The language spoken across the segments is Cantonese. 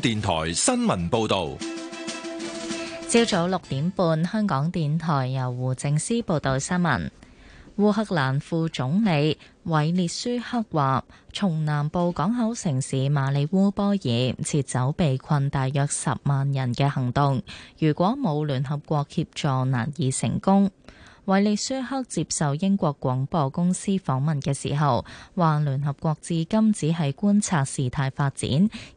電台新聞報道，朝早六點半，香港電台由胡正思報道新聞。烏克蘭副總理韋列舒克話，從南部港口城市馬里烏波爾撤走被困大約十萬人嘅行動，如果冇聯合國協助，難以成功。維利舒克接受英國廣播公司訪問嘅時候，話聯合國至今只係觀察事態發展，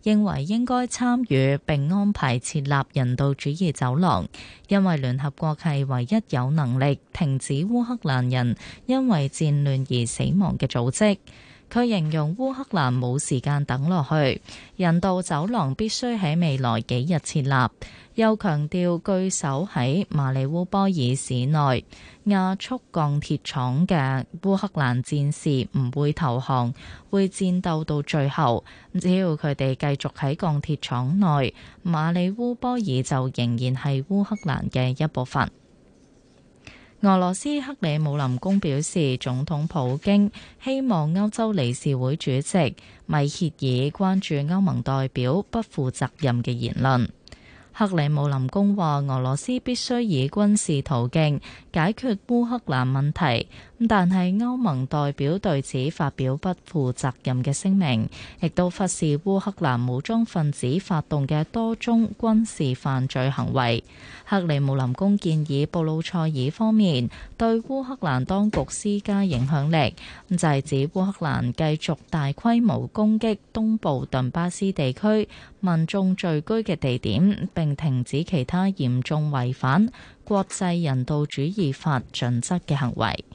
認為應該參與並安排設立人道主義走廊，因為聯合國係唯一有能力停止烏克蘭人因為戰亂而死亡嘅組織。佢形容烏克蘭冇時間等落去，人道走廊必須喺未來幾日設立，又強調據守喺馬里烏波爾市內，亞速鋼鐵廠嘅烏克蘭戰士唔會投降，會戰鬥到最後。只要佢哋繼續喺鋼鐵廠內，馬里烏波爾就仍然係烏克蘭嘅一部分。俄羅斯克里姆林宮表示，總統普京希望歐洲理事會主席米歇爾關注歐盟代表不負責任嘅言論。克里姆林宮話：俄羅斯必須以軍事途徑解決烏克蘭問題，但係歐盟代表對此發表不負責任嘅聲明，亦都忽視烏克蘭武裝分子發動嘅多宗軍事犯罪行為。克里姆林宮建議布魯塞爾方面對烏克蘭當局施加影響力，就係指烏克蘭繼續大規模攻擊東部頓巴斯地區民眾聚居嘅地點，並停止其他嚴重違反國際人道主義法盡責嘅行為。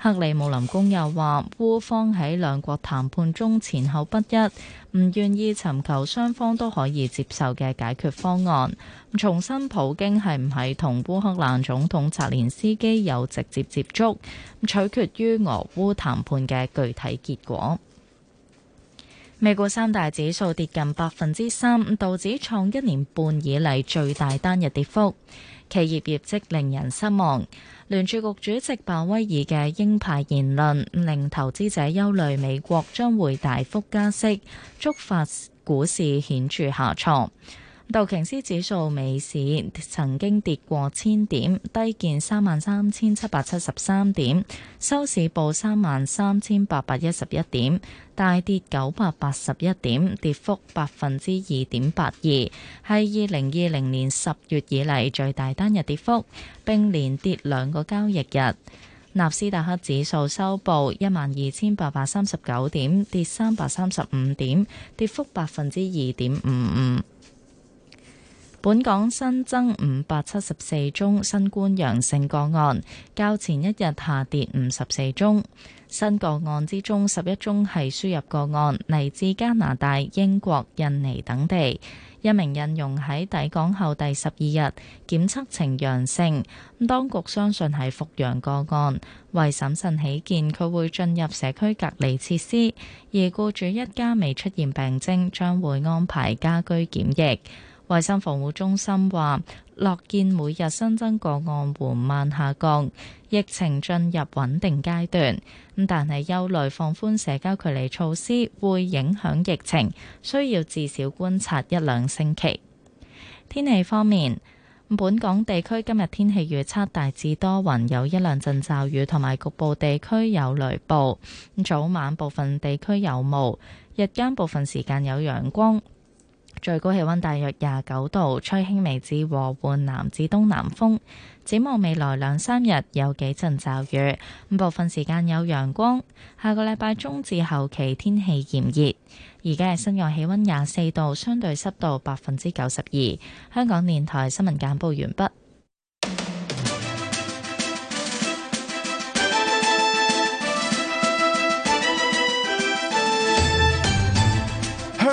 克里姆林宮又話，烏方喺兩國談判中前後不一，唔願意尋求雙方都可以接受嘅解決方案。重申普京係唔係同烏克蘭總統澤連斯基有直接接觸，取決於俄烏談判嘅具體結果。美國三大指數跌近百分之三，道指創一年半以嚟最大單日跌幅。企業業績令人失望，聯儲局主席鮑威爾嘅鷹派言論令投資者憂慮美國將會大幅加息，觸發股市顯著下挫。道瓊斯指數尾市曾經跌過千點，低見三萬三千七百七十三點，收市報三萬三千八百一十一點，大跌九百八十一點，跌幅百分之二點八二，係二零二零年十月以嚟最大單日跌幅，並連跌兩個交易日。納斯達克指數收報一萬二千八百三十九點，跌三百三十五點，跌幅百分之二點五五。本港新增五百七十四宗新冠陽性個案，較前一日下跌五十四宗。新個案之中，十一宗係輸入個案，嚟自加拿大、英國、印尼等地。一名印傭喺抵港後第十二日檢測呈陽性，當局相信係復陽個案。為審慎起見，佢會進入社區隔離設施，而僱主一家未出現病徵，將會安排家居檢疫。衛生防護中心話，樂見每日新增個案緩慢下降，疫情進入穩定階段。但係憂慮放寬社交距離措施會影響疫情，需要至少觀察一兩星期。天氣方面，本港地區今日天氣預測大致多雲，有一兩陣驟雨，同埋局部地區有雷暴。早晚部分地區有霧，日間部分時間有陽光。最高氣溫大約廿九度，吹輕微至和緩南至東南風。展望未來兩三日有幾陣驟雨，部分時間有陽光。下個禮拜中至後期天氣炎熱。而家係室外氣溫廿四度，相對濕度百分之九十二。香港電台新聞簡報完畢。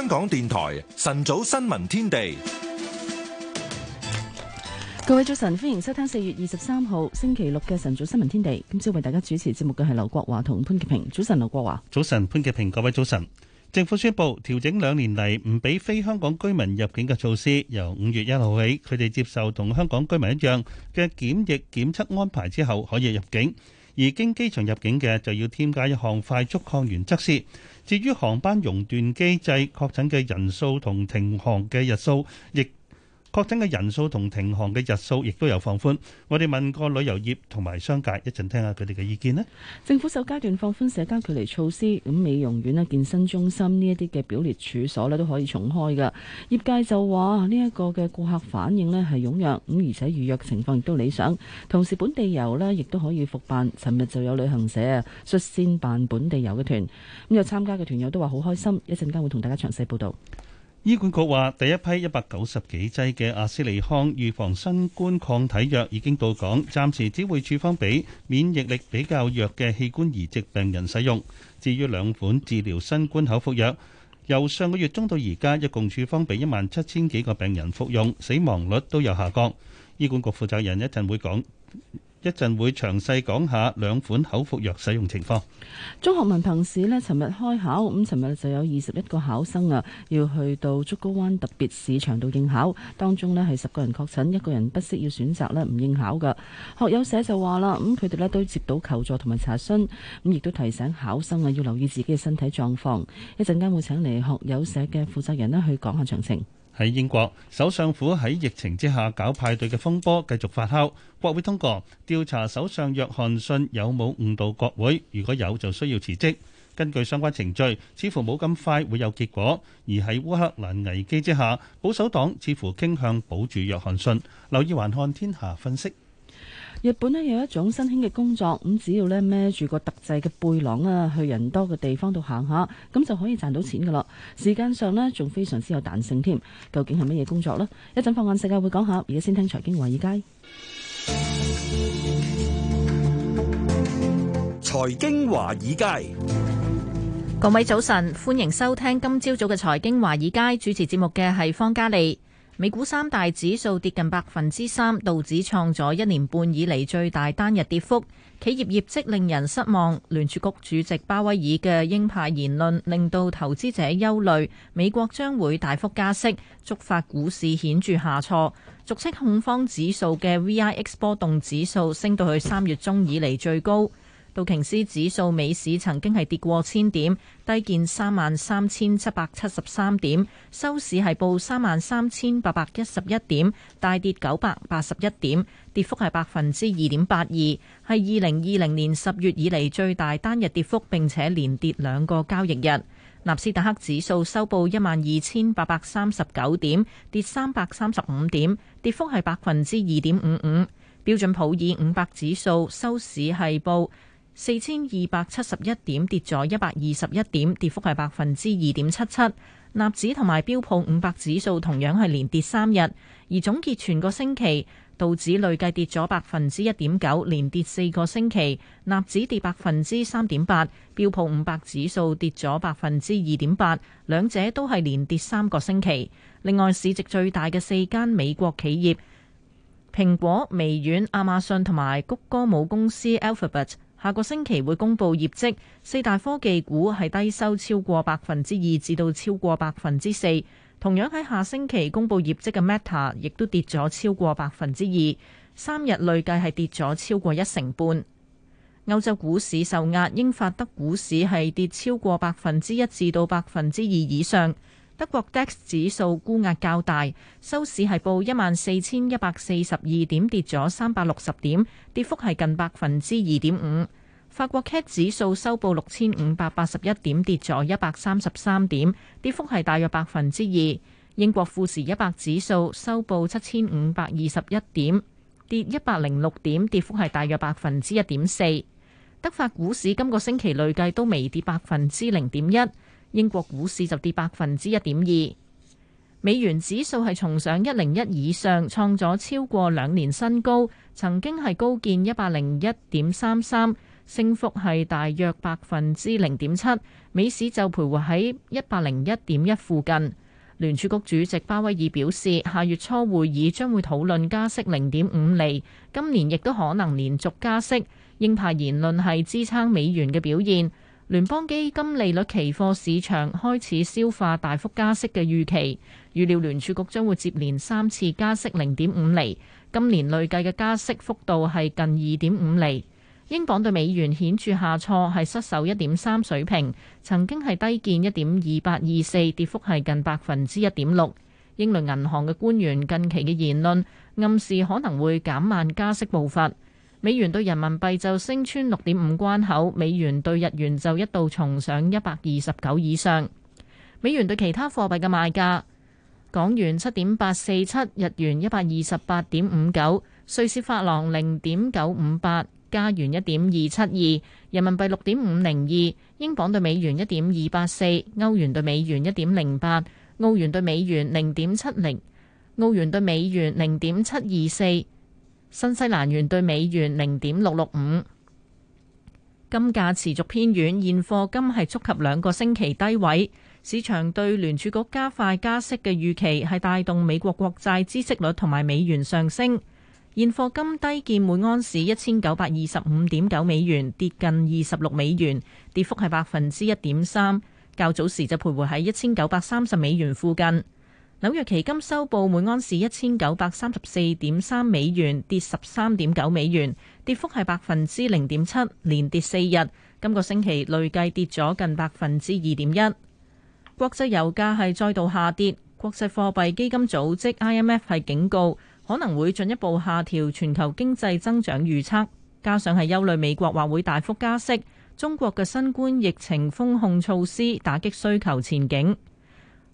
香港電台晨早新聞天地，各位早晨，歡迎收聽四月二十三號星期六嘅晨早新聞天地。今朝為大家主持節目嘅係劉國華同潘潔平。早晨，劉國華。早晨，潘潔平。各位早晨。政府宣布調整兩年嚟唔俾非香港居民入境嘅措施，由五月一號起，佢哋接受同香港居民一樣嘅檢疫檢測安排之後，可以入境。而經機場入境嘅就要添加一項快速抗原測試。至於航班熔斷機製，確診嘅人數同停航嘅日數亦確診嘅人數同停航嘅日數亦都有放寬，我哋問過旅遊業同埋商界，一陣聽下佢哋嘅意見咧。政府首階段放寬社交距離措施，咁美容院啦、健身中心呢一啲嘅表列處所咧都可以重開嘅。業界就話呢一個嘅顧客反應咧係踴躍，咁而且預約嘅情況亦都理想。同時本地遊呢亦都可以復辦。尋日就有旅行社啊率先辦本地遊嘅團，咁有參加嘅團友都話好開心。一陣間會同大家詳細報道。醫管局話，第一批一百九十幾劑嘅阿斯利康預防新冠抗體藥已經到港，暫時只會處方俾免疫力比較弱嘅器官移植病人使用。至於兩款治療新冠口服藥，由上個月中到而家，一共處方俾一萬七千幾個病人服用，死亡率都有下降。醫管局負責人一陣會講。詳細一陣會詳細講下兩款口服藥使用情況。中學文憑試咧，尋日開考，咁尋日就有二十一個考生啊，要去到竹篙灣特別市場度應考，當中咧係十個人確診，一個人不適要選擇咧唔應考噶。學友社就話啦，咁佢哋咧都接到求助同埋查詢，咁亦都提醒考生啊，要留意自己嘅身體狀況。一陣間會請嚟學友社嘅負責人咧去講下詳情。喺英國首相府喺疫情之下搞派對嘅風波繼續發酵，國會通過調查首相約翰遜有冇誤導國會，如果有就需要辭職。根據相關程序，似乎冇咁快會有結果。而喺烏克蘭危機之下，保守黨似乎傾向保住約翰遜。留意環看天下分析。日本咧有一種新興嘅工作，咁只要咧孭住個特製嘅背囊啊，去人多嘅地方度行下，咁就可以賺到錢噶啦。時間上咧仲非常之有彈性添。究竟係乜嘢工作呢？一陣放眼世界會講下，而家先聽財經華爾街。財經華爾街，爾街，各位早晨，歡迎收聽今朝早嘅財經華爾街，主持節目嘅係方嘉利。美股三大指數跌近百分之三，道指創咗一年半以嚟最大單日跌幅。企業業績令人失望，聯儲局主席鮑威爾嘅鷹派言論令到投資者憂慮，美國將會大幅加息，觸發股市顯著下挫。俗稱恐慌指數嘅 VIX 波動指數升到去三月中以嚟最高。道瓊斯指數，美市曾經係跌過千點，低見三萬三千七百七十三點，收市係報三萬三千八百一十一點，大跌九百八十一點，跌幅係百分之二點八二，係二零二零年十月以嚟，最大單日跌幅，並且連跌兩個交易日。納斯達克指數收報一萬二千八百三十九點，跌三百三十五點，跌幅係百分之二點五五。標準普爾五百指數收市係報。四千二百七十一點跌咗一百二十一點跌幅係百分之二點七七。納指同埋標普五百指數同樣係連跌三日，而總結全個星期道指累計跌咗百分之一點九，連跌四個星期；納指跌百分之三點八，標普五百指數跌咗百分之二點八，兩者都係連跌三個星期。另外，市值最大嘅四間美國企業，蘋果、微軟、亞馬遜同埋谷歌母公司 Alphabet。下個星期會公布業績，四大科技股係低收超過百分之二至到超過百分之四。同樣喺下星期公布業績嘅 Meta 亦都跌咗超過百分之二，三日累計係跌咗超過一成半。歐洲股市受壓，英法德股市係跌超過百分之一至到百分之二以上。德國 DAX 指數沽壓較大，收市係報一萬四千一百四十二點，跌咗三百六十點，跌幅係近百分之二點五。法國 CAC 指數收報六千五百八十一點，跌咗一百三十三點，跌幅係大約百分之二。英國富時一百指數收報七千五百二十一點，跌一百零六點，跌幅係大約百分之一點四。德法股市今個星期累計都微跌百分之零點一。英國股市就跌百分之一點二，美元指數係重上一零一以上，創咗超過兩年新高，曾經係高見一百零一點三三，升幅係大約百分之零點七，美市就徘徊喺一百零一點一附近。聯儲局主席巴威爾表示，下月初會議將會討論加息零點五厘，今年亦都可能連續加息。鷹派言論係支撐美元嘅表現。聯邦基金利率期貨市場開始消化大幅加息嘅預期，預料聯儲局將會接連三次加息零點五厘。今年累計嘅加息幅度係近二點五厘。英鎊對美元顯著下挫，係失守一點三水平，曾經係低見一點二八二四，跌幅係近百分之一點六。英倫銀行嘅官員近期嘅言論暗示可能會減慢加息步伐。美元兌人民幣就升穿六點五關口，美元對日元就一度重上一百二十九以上。美元對其他貨幣嘅賣價：港元七點八四七，日元一百二十八點五九，瑞士法郎零點九五八，加元一點二七二，人民幣六點五零二，英鎊對美元一點二八四，歐元對美元一點零八，澳元對美元零點七零，澳元對美元零點七二四。新西蘭元對美元零點六六五，金價持續偏軟，現貨金係觸及兩個星期低位。市場對聯儲局加快加息嘅預期係帶動美國國債孳息率同埋美元上升。現貨金低見每安士一千九百二十五點九美元，跌近二十六美元，跌幅係百分之一點三。較早時就徘徊喺一千九百三十美元附近。紐約期金收報每盎司一千九百三十四點三美元，跌十三點九美元，跌幅係百分之零點七，連跌四日。今個星期累計跌咗近百分之二點一。國際油價係再度下跌，國際貨幣基金組織 IMF 係警告可能會進一步下調全球經濟增長預測，加上係憂慮美國或會大幅加息，中國嘅新冠疫情封控措施打擊需求前景。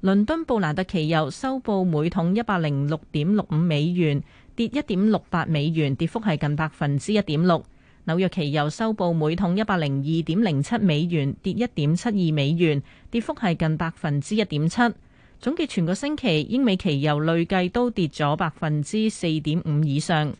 倫敦布蘭特期油收報每桶一百零六點六五美元，跌一點六八美元，跌幅係近百分之一點六。紐約期油收報每桶一百零二點零七美元，跌一點七二美元，跌幅係近百分之一點七。總結全個星期，英美期油累計都跌咗百分之四點五以上。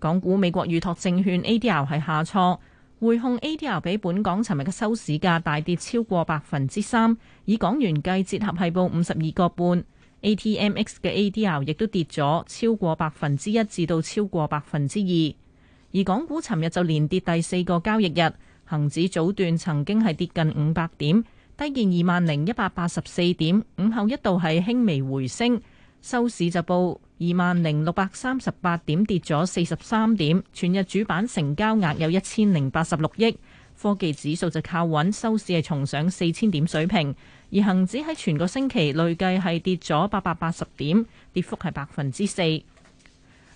港股美國預託證券 ADR 係下挫。匯控 ADR 比本港尋日嘅收市價大跌超過百分之三，以港元計，折合係報五十二個半。ATMX 嘅 ADR 亦都跌咗超過百分之一至到超過百分之二。而港股尋日就連跌第四個交易日，恒指早段曾經係跌近五百點，低見二萬零一百八十四點，午後一度係輕微回升，收市就報。二萬零六百三十八點，跌咗四十三點，全日主板成交額有一千零八十六億。科技指數就靠穩，收市係重上四千點水平。而恒指喺全個星期累計係跌咗八百八十點，跌幅係百分之四。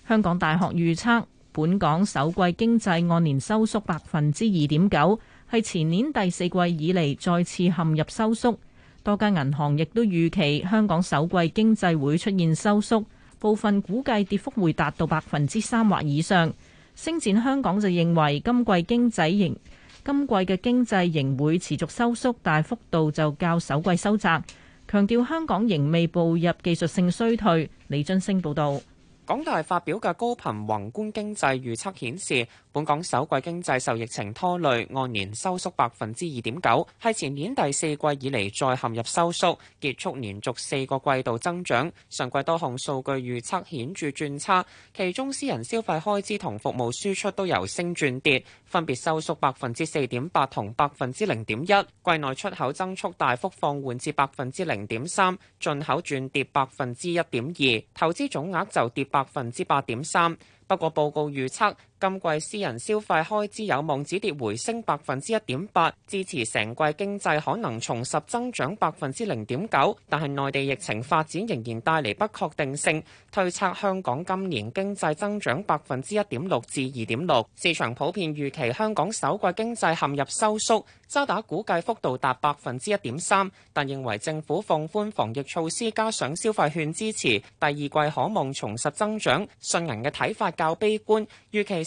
香港大學預測本港首季經濟按年收縮百分之二點九，係前年第四季以嚟再次陷入收縮。多間銀行亦都預期香港首季經濟會出現收縮。部分估計跌幅會達到百分之三或以上。星展香港就認為今，今季經濟仍，今季嘅經濟仍會持續收縮，大幅度就較首季收窄。強調香港仍未步入技術性衰退。李津升報導，港大發表嘅高頻宏觀經濟預測顯示。本港首季經濟受疫情拖累，按年收縮百分之二點九，係前年第四季以嚟再陷入收縮，結束連續四個季度增長。上季多項數據預測顯著轉差，其中私人消費開支同服務輸出都由升轉跌，分別收縮百分之四點八同百分之零點一。季內出口增速大幅放緩至百分之零點三，進口轉跌百分之一點二，投資總額就跌百分之八點三。不過報告預測。今季私人消費開支有望止跌回升百分之一點八，支持成季經濟可能重拾增長百分之零點九。但係內地疫情發展仍然帶嚟不確定性，推測香港今年經濟增長百分之一點六至二點六。市場普遍預期香港首季經濟陷入收縮，渣打估計幅度達百分之一點三，但認為政府放寬防疫措施加上消費券支持，第二季可望重拾增長。信銀嘅睇法較悲觀，預期。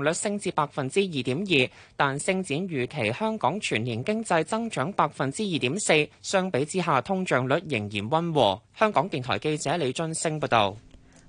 率升至百分之二點二，但升展預期香港全年經濟增長百分之二點四。相比之下，通脹率仍然温和。香港電台記者李俊升報道。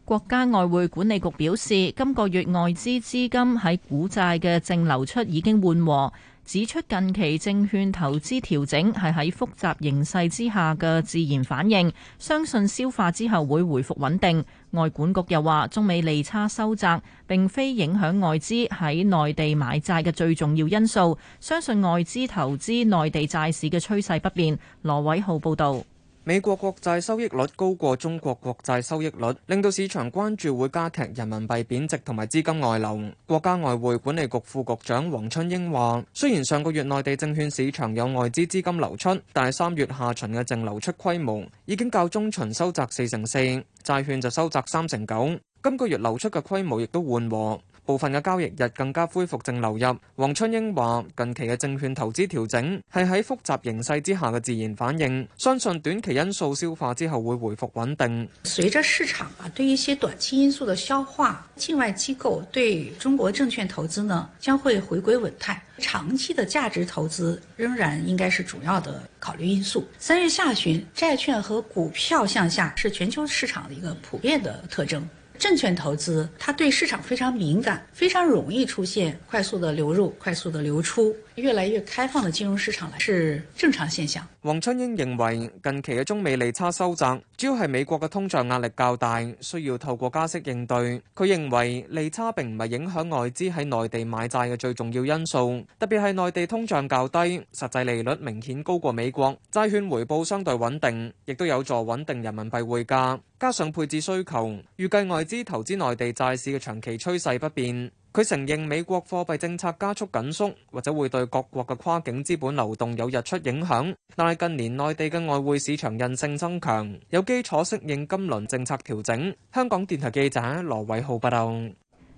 國家外匯管理局表示，今個月外資資金喺股債嘅淨流出已經緩和。指出近期證券投資調整係喺複雜形勢之下嘅自然反應，相信消化之後會回復穩定。外管局又話，中美利差收窄並非影響外資喺內地買債嘅最重要因素，相信外資投資內地債市嘅趨勢不變。羅偉浩報導。美國國債收益率高過中國國債收益率，令到市場關注會加劇人民幣貶值同埋資金外流。國家外匯管理局副局長黃春英話，雖然上個月內地證券市場有外資資金流出，但係三月下旬嘅淨流出規模已經較中旬收窄四成四，債券就收窄三成九。今個月流出嘅規模亦都緩和。部分嘅交易日更加恢復淨流入。王春英話：近期嘅證券投資調整係喺複雜形勢之下嘅自然反應，相信短期因素消化之後會回復穩定。隨着市場啊對一些短期因素的消化，境外機構對中國證券投資呢將會回歸穩態，長期的價值投資仍然應該是主要的考慮因素。三月下旬，債券和股票向下是全球市場嘅一個普遍的特徵。證券投資它對市場非常敏感，非常容易出現快速的流入、快速的流出。越來越開放嘅金融市場，來係正常現象。黃春英認為近期嘅中美利差收窄，主要係美國嘅通脹壓力較大，需要透過加息應對。佢認為利差並唔係影響外資喺內地買債嘅最重要因素，特別係內地通脹較低，實際利率明顯高過美國，債券回報相對穩定，亦都有助穩定人民幣匯價。加上配置需求，預計外資投資內地債市嘅長期趨勢不變。佢承認美國貨幣政策加速緊縮，或者會對各國嘅跨境資本流動有日出影響。但係近年內地嘅外匯市場韌性增強，有基礎適應今輪政策調整。香港電台記者羅偉浩報道。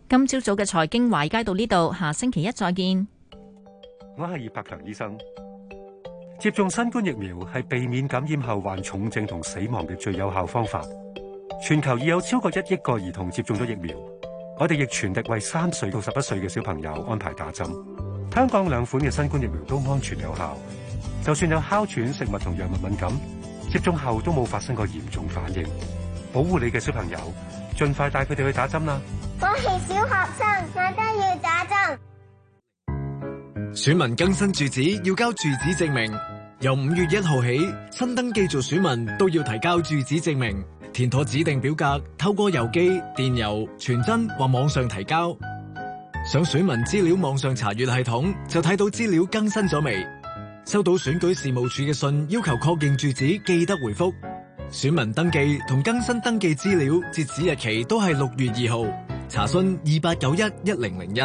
今朝早嘅財經華爾街到呢度，下星期一再見。我係葉柏強醫生，接種新冠疫苗係避免感染後患重症同死亡嘅最有效方法。全球已有超過一億個兒童接種咗疫苗。我哋亦全力為三歲到十一歲嘅小朋友安排打針。香港兩款嘅新冠疫苗都安全有效，就算有哮喘、食物同藥物敏感，接種後都冇發生過嚴重反應。保護你嘅小朋友，盡快帶佢哋去打針啦！我係小學生，我都要打針。選民更新住址要交住址證明，由五月一號起，新登記做選民都要提交住址證明。填妥指定表格，透過郵寄、電郵、傳真或網上提交。想選民資料網上查閱系統，就睇到資料更新咗未？收到選舉事務處嘅信，要求確認住址，記得回覆。選民登記同更新登記資料截止日期都係六月二號。查詢二八九一一零零一。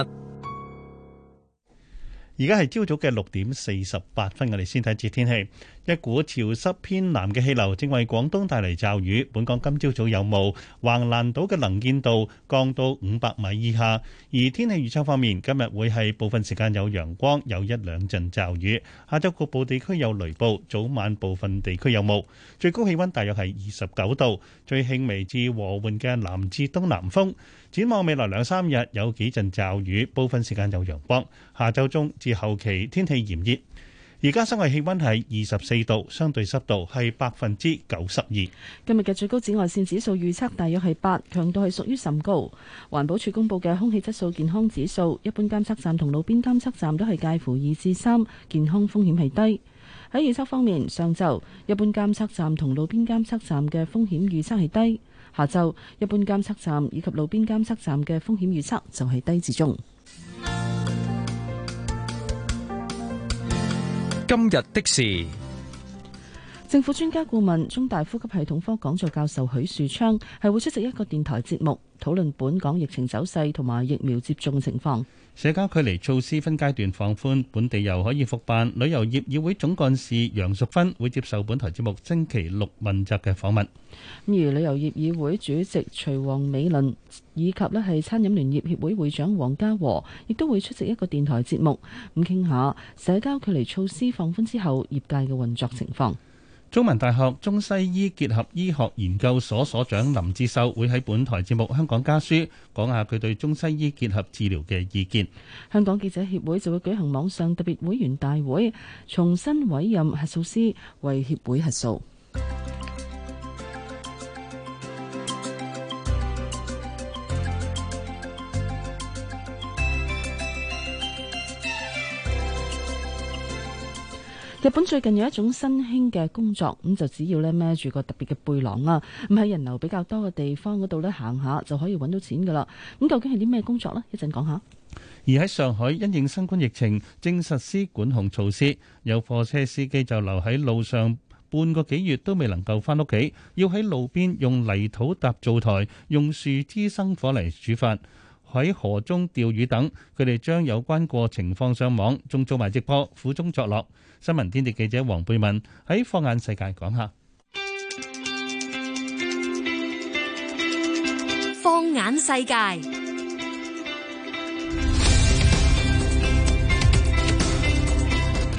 而家係朝早嘅六點四十八分，我哋先睇下天氣。一股潮濕偏南嘅氣流正為廣東帶嚟驟雨，本港今朝早，早有霧，橫瀾島嘅能見度降到五百米以下。而天氣預測方面，今日會係部分時間有陽光，有一兩陣驟雨；下晝局部地區有雷暴，早晚部分地區有霧，最高氣温大約係二十九度。最輕微至和緩嘅南至東南風。展望未來兩三日有幾陣驟雨，部分時間有陽光，下週中至後期天氣炎熱。而家室外氣温係二十四度，相對濕度係百分之九十二。今日嘅最高紫外線指數預測大約係八，強度係屬於甚高。環保署公布嘅空氣質素健康指數，一般監測站同路邊監測站都係介乎二至三，健康風險係低。喺預測方面，上晝一般監測站同路邊監測站嘅風險預測係低，下晝一般監測站以及路邊監測站嘅風險預測就係低至中。今日的事，政府專家顧問、中大呼吸系統科講座教授許樹昌係會出席一個電台節目，討論本港疫情走勢同埋疫苗接種情況。社交距離措施分階段放寬，本地遊可以復辦。旅遊業議會總幹事楊淑芬會接受本台節目星期六問責嘅訪問。咁而旅遊業議會主席徐王美倫以及咧係餐飲聯業協會會長黃家和，亦都會出席一個電台節目，咁傾下社交距離措施放寬之後業界嘅運作情況。中文大學中西醫結合醫學研究所所長林志秀會喺本台節目《香港家書》講下佢對中西醫結合治療嘅意見。香港記者協會就會舉行網上特別會員大會，重新委任核數師為協會核數。日本最近有一種新興嘅工作，咁就只要咧孭住個特別嘅背囊啊，咁喺人流比較多嘅地方嗰度咧行下就可以揾到錢㗎喇。咁究竟係啲咩工作呢？一陣講下。而喺上海，因應新冠疫情，正實施管控措施，有貨車司機就留喺路上半個幾月都未能夠返屋企，要喺路邊用泥土搭灶台，用樹枝生火嚟煮飯。喺河中釣魚等，佢哋將有關情況放上網，仲做埋直播，苦中作樂。新聞天地記者黃貝文喺放眼世界講下。放眼世界，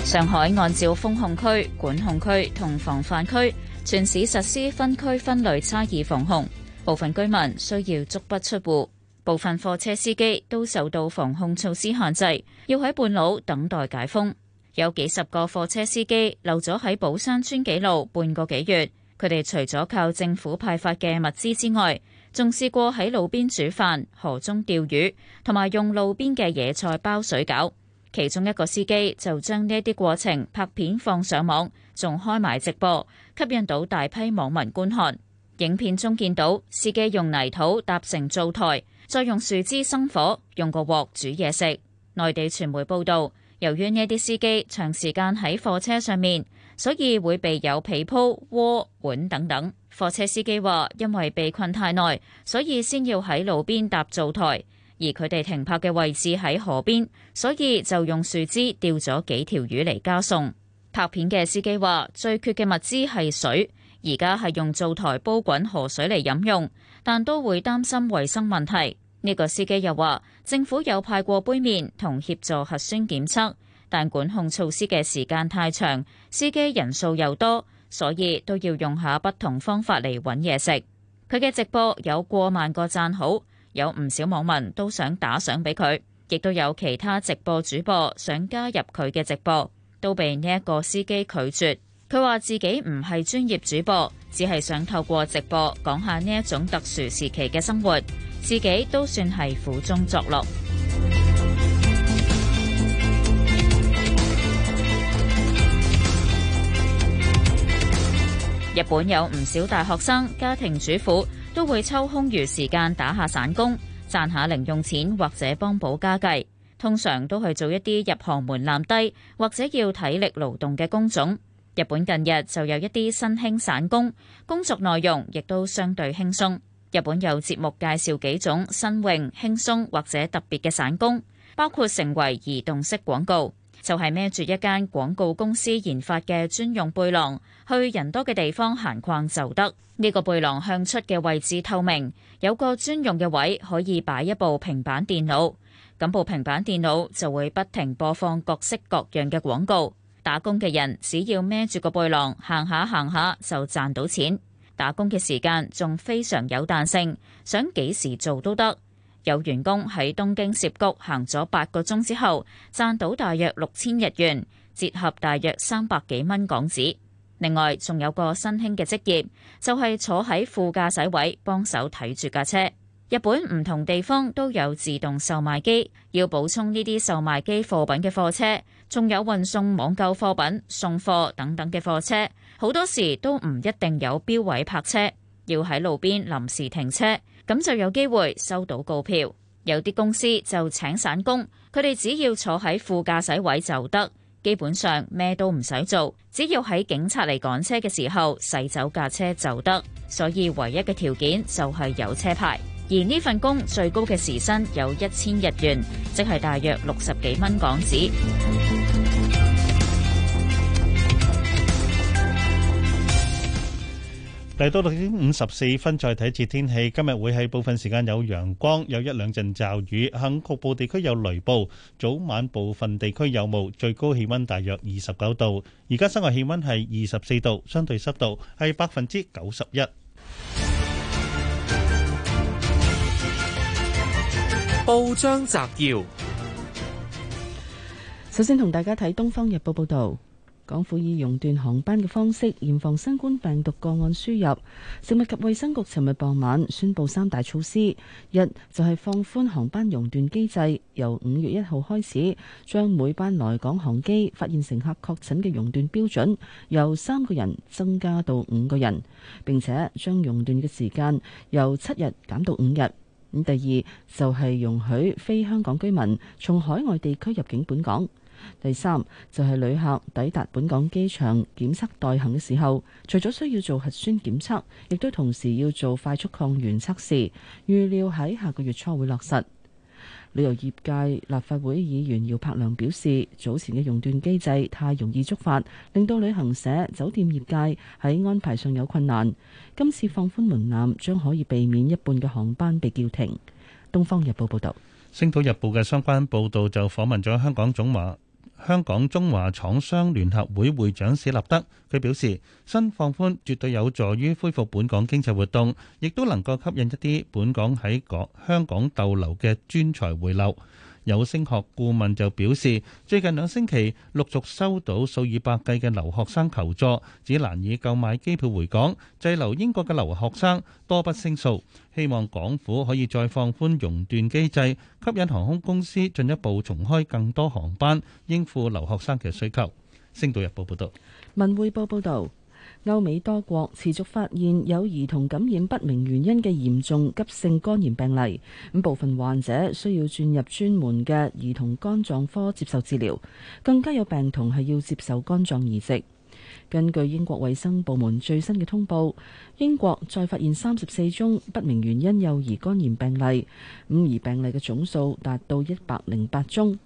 上海按照封控區、管控區同防範區全市實施分區分類差異防控，部分居民需要足不出戶。部分貨車司機都受到防控措施限制，要喺半路等待解封。有幾十個貨車司機留咗喺寶山村紀路半個幾月，佢哋除咗靠政府派發嘅物資之外，仲試過喺路邊煮飯、河中釣魚，同埋用路邊嘅野菜包水餃。其中一個司機就將呢啲過程拍片放上網，仲開埋直播，吸引到大批網民觀看。影片中見到司機用泥土搭成灶台。再用樹枝生火，用個鑊煮嘢食。內地傳媒報道，由於呢啲司機長時間喺貨車上面，所以會備有被鋪、鍋碗等等。貨車司機話：因為被困太耐，所以先要喺路邊搭灶台。而佢哋停泊嘅位置喺河邊，所以就用樹枝釣咗幾條魚嚟加餸。拍片嘅司機話：最缺嘅物資係水。而家係用灶台煲滾河水嚟飲用，但都會擔心衛生問題。呢個司機又話：政府有派過杯麵同協助核酸檢測，但管控措施嘅時間太長，司機人數又多，所以都要用下不同方法嚟揾嘢食。佢嘅直播有過萬個讚好，有唔少網民都想打賞俾佢，亦都有其他直播主播想加入佢嘅直播，都被呢一個司機拒絕。佢話：自己唔係專業主播，只係想透過直播講下呢一種特殊時期嘅生活。自己都算係苦中作樂。日本有唔少大學生、家庭主婦都會抽空餘時間打下散工，賺下零用錢，或者幫補家計。通常都去做一啲入行門檻低或者要體力勞動嘅工種。日本近日就有一啲新興散工，工作內容亦都相對輕鬆。日本有節目介紹幾種新穎、輕鬆或者特別嘅散工，包括成為移動式廣告，就係孭住一間廣告公司研發嘅專用背囊，去人多嘅地方閒逛就得。呢個背囊向出嘅位置透明，有個專用嘅位可以擺一部平板電腦，咁部平板電腦就會不停播放各式各樣嘅廣告。打工嘅人只要孭住個背囊行下行下就賺到錢，打工嘅時間仲非常有彈性，想幾時做都得。有員工喺東京涉谷行咗八個鐘之後，賺到大約六千日元，折合大約三百幾蚊港紙。另外，仲有個新興嘅職業，就係坐喺副駕駛位幫手睇住架車。日本唔同地方都有自動售賣機，要補充呢啲售賣機貨品嘅貨車。仲有運送網購貨品、送貨等等嘅貨車，好多時都唔一定有標位泊車，要喺路邊臨時停車，咁就有機會收到告票。有啲公司就請散工，佢哋只要坐喺副駕駛位就得，基本上咩都唔使做，只要喺警察嚟趕車嘅時候駛走架車就得。所以唯一嘅條件就係有車牌。而呢份工最高嘅時薪有一千日元，即係大約六十幾蚊港紙。嚟到六點五十四分，再睇一次天氣。今日會喺部分時間有陽光，有一兩陣驟雨，響局部地區有雷暴，早晚部分地區有霧。最高氣溫大約二十九度，而家室外氣溫係二十四度，相對濕度係百分之九十一。報章摘要：首先同大家睇《東方日報》報道，港府以熔斷航班嘅方式嚴防新冠病毒個案輸入。食物及衛生局尋日傍晚宣布三大措施，一就係放寬航班熔斷機制，由五月一號開始，將每班來港航機發現乘客確診嘅熔斷標準由三個人增加到五個人，並且將熔斷嘅時間由七日減到五日。咁第二就係容許非香港居民從海外地區入境本港，第三就係旅客抵達本港機場檢測待行嘅時候，除咗需要做核酸檢測，亦都同時要做快速抗原測試。預料喺下個月初會落實。旅遊業界立法會議員姚柏良表示，早前嘅熔斷機制太容易觸發，令到旅行社、酒店業界喺安排上有困難。今次放寬門檻，將可以避免一半嘅航班被叫停。《東方日報》報道，《星島日報》嘅相關報導就訪問咗香港總馬。香港中華廠商聯合會會長史立德，佢表示新放寬絕對有助於恢復本港經濟活動，亦都能夠吸引一啲本港喺港香港逗留嘅專才回流。有升學顧問就表示，最近兩星期陸續收到數以百計嘅留學生求助，指難以購買機票回港，滯留英國嘅留學生多不勝數。希望港府可以再放寬熔斷機制，吸引航空公司進一步重開更多航班，應付留學生嘅需求。星島日報報道，文匯報報道。歐美多國持續發現有兒童感染不明原因嘅嚴重急性肝炎病例，咁部分患者需要轉入專門嘅兒童肝臟科接受治療，更加有病童係要接受肝臟移植。根據英國衛生部門最新嘅通報，英國再發現三十四宗不明原因幼兒肝炎病例，咁而病例嘅總數達到一百零八宗。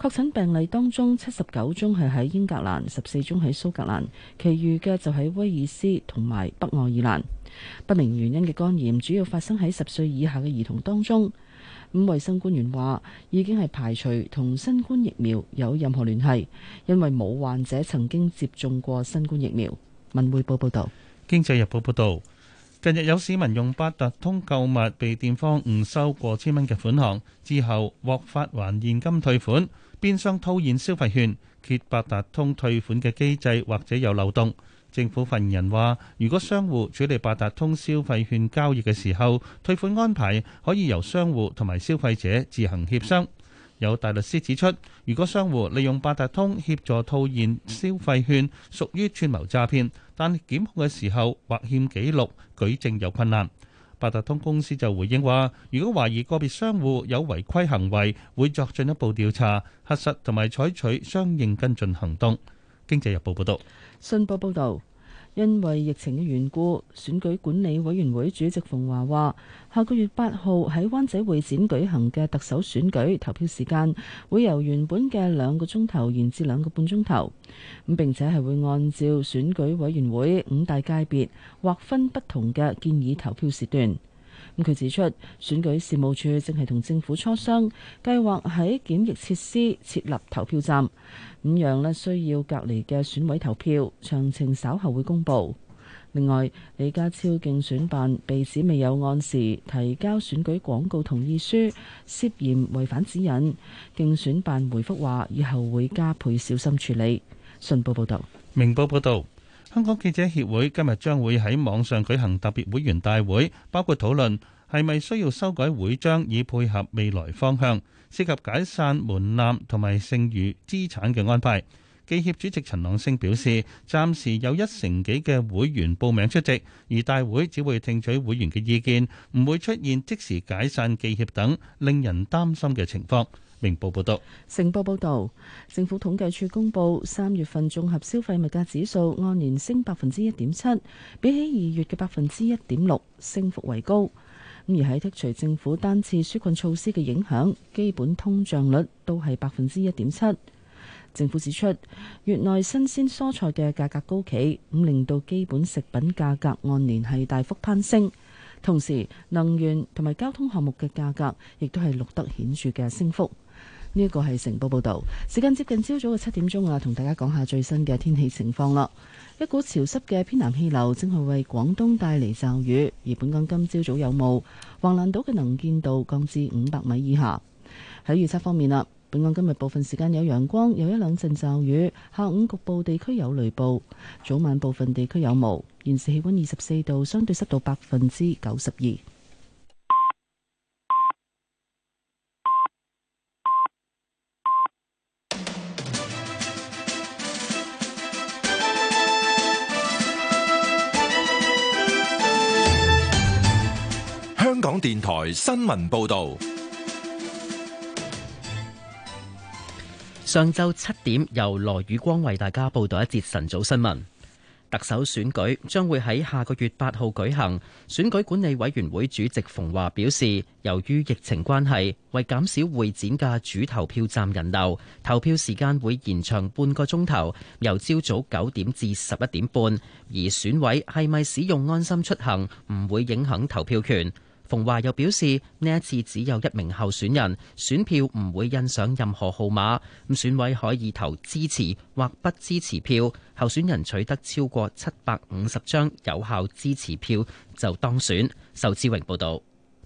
確診病例當中，七十九宗係喺英格蘭，十四宗喺蘇格蘭，其餘嘅就喺威爾斯同埋北愛爾蘭。不明原因嘅肝炎主要發生喺十歲以下嘅兒童當中。咁，衞生官員話已經係排除同新冠疫苗有任何聯繫，因為冇患者曾經接種過新冠疫苗。文匯報報道。《經濟日報》報道，近日有市民用八達通購物，被店方誤收過千蚊嘅款項，之後獲發還現金退款。變相套現消費券，揭八達通退款嘅機制或者有漏洞。政府發言人話：如果商戶處理八達通消費券交易嘅時候，退款安排可以由商戶同埋消費者自行協商。有大律師指出，如果商戶利用八達通協助套現消費券，屬於串謀詐騙，但檢控嘅時候或欠記錄舉證有困難。八達通公司就回應話，如果懷疑個別商戶有違規行為，會作進一步調查、核實同埋採取相應跟進行動。經濟日報報道，信報報道。因為疫情嘅緣故，選舉管理委員會主席馮華話，下個月八號喺灣仔會展舉行嘅特首選舉投票時間，會由原本嘅兩個鐘頭延至兩個半鐘頭，咁並且係會按照選舉委員會五大界別劃分不同嘅建議投票時段。咁佢指出，選舉事務處正係同政府磋商，計劃喺檢疫設施設立投票站，五讓咧需要隔離嘅選委投票。詳情稍後會公布。另外，李家超競選辦被指未有按時提交選舉廣告同意書，涉嫌違反指引。競選辦回覆話：以後會加倍小心處理。信報報道。明報報道。香港記者協會今日將會喺網上舉行特別會員大會，包括討論係咪需要修改會章以配合未來方向，涉及解散門檻同埋剩餘資產嘅安排。記協主席陳朗昇表示，暫時有一成幾嘅會員報名出席，而大會只會聽取會員嘅意見，唔會出現即時解散記協等令人擔心嘅情況。明報報導，政府統計處公布三月份綜合消費物價指數按年升百分之一點七，比起二月嘅百分之一點六，升幅為高。咁而喺剔除政府單次紓困措施嘅影響，基本通脹率都係百分之一點七。政府指出，月內新鮮蔬菜嘅價格高企，咁令到基本食品價格按年係大幅攀升。同時，能源同埋交通項目嘅價格亦都係錄得顯著嘅升幅。呢一個係《成報》報道，時間接近朝早嘅七點鐘啊，同大家講下最新嘅天氣情況啦。一股潮濕嘅偏南氣流正係為廣東帶嚟驟雨，而本港今朝早，早有霧，橫瀾島嘅能見度降至五百米以下。喺預測方面啦，本港今日部分時間有陽光，有一兩陣驟雨，下午局部地區有雷暴，早晚部分地區有霧。現時氣溫二十四度，相對濕度百分之九十二。香港電台新聞報道，上晝七點由羅宇光為大家報道一節晨早新聞。特首選舉將會喺下個月八號舉行。選舉管理委員會主席馮華表示，由於疫情關係，為減少會展嘅主投票站人流，投票時間會延長半個鐘頭，由朝早九點至十一點半。而選委係咪使用安心出行，唔會影響投票權。馮華又表示，呢一次只有一名候選人，選票唔會印上任何號碼。咁選委可以投支持或不支持票，候選人取得超過七百五十張有效支持票就當選。仇志榮報道。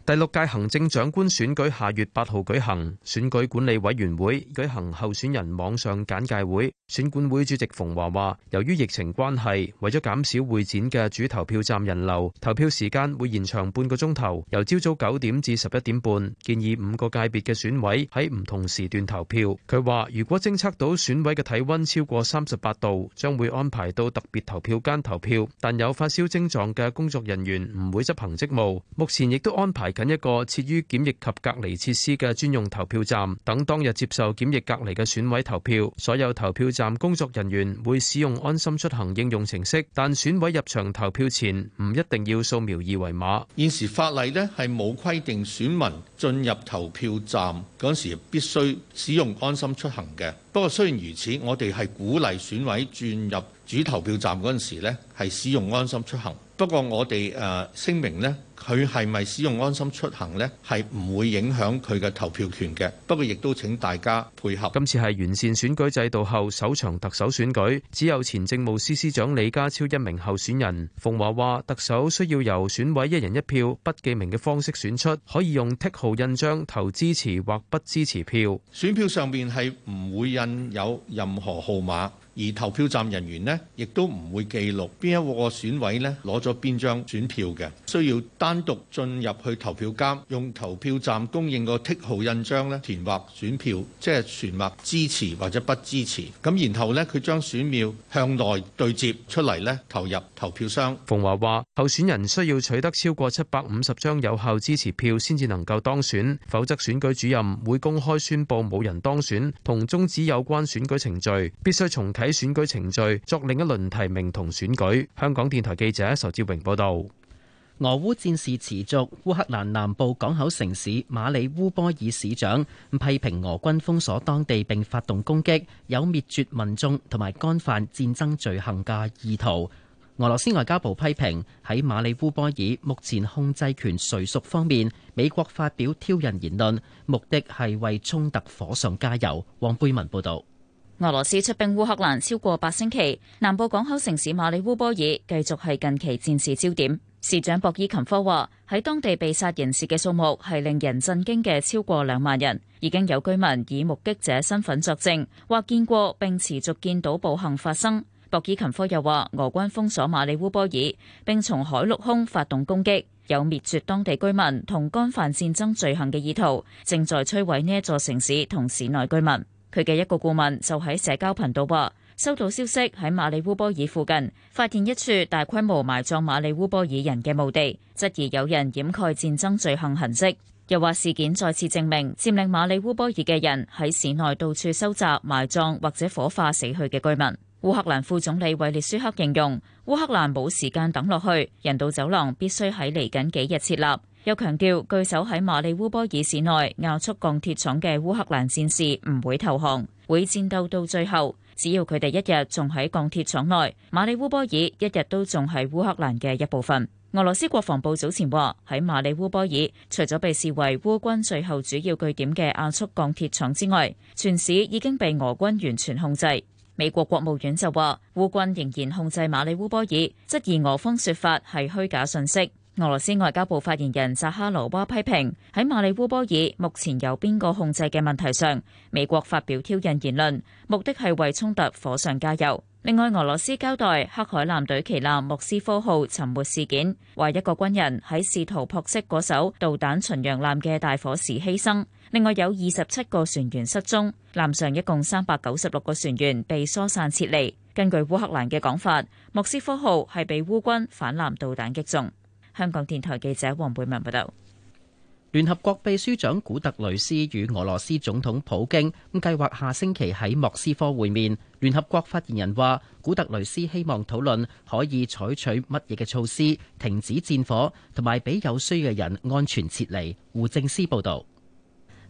第六屆行政長官選舉下月八號舉行，選舉管理委員會舉行候選人網上簡介會。選管會主席馮華話，由於疫情關係，為咗減少會展嘅主投票站人流，投票時間會延長半個鐘頭，由朝早九點至十一點半。建議五個界別嘅選委喺唔同時段投票。佢話，如果偵測到選委嘅體溫超過三十八度，將會安排到特別投票間投票，但有發燒症狀嘅工作人員唔會執行職務。目前亦都安排。僅一個設於檢疫及隔離設施嘅專用投票站，等當日接受檢疫隔離嘅選委投票。所有投票站工作人員會使用安心出行應用程式，但選委入場投票前唔一定要掃描二維碼。現時法例呢係冇規定選民進入投票站嗰時必須使用安心出行嘅。不過雖然如此，我哋係鼓勵選委轉入主投票站嗰陣時呢係使用安心出行。不過我哋誒聲明呢。佢係咪使用安心出行呢？係唔會影響佢嘅投票權嘅。不過，亦都請大家配合。今次係完善選舉制度後首場特首選舉，只有前政務司司長李家超一名候選人。馮華話：特首需要由選委一人一票不記名嘅方式選出，可以用剔號印章投支持或不支持票。選票上面係唔會印有任何號碼。而投票站人員呢，亦都唔會記錄邊一個選委咧攞咗邊張選票嘅，需要單獨進入去投票間，用投票站供應個剔號印章咧填劃選票，即係填劃支持或者不支持。咁然後呢，佢將選票向內對接出嚟咧，投入投票箱。馮華話：候選人需要取得超過七百五十張有效支持票先至能夠當選，否則選舉主任會公開宣布冇人當選，同終止有關選舉程序，必須重啟，喺選舉程序作另一輪提名同選舉。香港電台記者仇志榮報道，俄烏戰事持續，烏克蘭南部港口城市馬里烏波爾市長批評俄軍封鎖當地並發動攻擊，有滅絕民眾同埋干犯戰爭罪行嘅意圖。俄羅斯外交部批評喺馬里烏波爾目前控制權誰屬方面，美國發表挑釁言論，目的係為衝突火上加油。黃貝文報道。俄羅斯出兵烏克蘭超過八星期，南部港口城市馬里烏波爾繼續係近期戰事焦點。市長博伊琴科話：喺當地被殺人士嘅數目係令人震驚嘅，超過兩萬人。已經有居民以目擊者身份作證，話見過並持續見到暴行發生。博伊琴科又話：俄軍封鎖馬里烏波爾，並從海陸空發動攻擊，有滅絕當地居民同干犯戰爭罪行嘅意圖，正在摧毀呢一座城市同市內居民。佢嘅一個顧問就喺社交頻道話：收到消息喺馬里烏波爾附近發現一處大規模埋葬馬里烏波爾人嘅墓地，質疑有人掩蓋戰爭罪行痕跡。又話事件再次證明佔領馬里烏波爾嘅人喺市內到處收集埋葬或者火化死去嘅居民。烏克蘭副總理韋列舒克形容：烏克蘭冇時間等落去，人道走廊必須喺嚟緊幾日設立。又強調，據守喺馬里烏波爾市內亞速鋼鐵廠嘅烏克蘭戰士唔會投降，會戰鬥到最後。只要佢哋一日仲喺鋼鐵廠內，馬里烏波爾一日都仲係烏克蘭嘅一部分。俄羅斯國防部早前話喺馬里烏波爾，除咗被視為烏軍最後主要據點嘅亞速鋼鐵廠之外，全市已經被俄軍完全控制。美國國務院就話烏軍仍然控制馬里烏波爾，質疑俄方說法係虛假信息。俄羅斯外交部發言人扎哈羅娃批評喺馬里烏波爾目前由邊個控制嘅問題上，美國發表挑釁言論，目的係為衝突火上加油。另外，俄羅斯交代黑海艦隊旗艦莫斯科號沉沒事件，話一個軍人喺試圖撲熄嗰艘導彈巡洋艦嘅大火時犧牲，另外有二十七個船員失蹤，艦上一共三百九十六個船員被疏散撤離。根據烏克蘭嘅講法，莫斯科號係被烏軍反艦導彈擊中。香港電台記者黃貝文報道，聯合國秘書長古特雷斯與俄羅斯總統普京計劃下星期喺莫斯科會面。聯合國發言人話，古特雷斯希望討論可以採取乜嘢嘅措施，停止戰火，同埋俾有需要嘅人安全撤離。胡正思報道。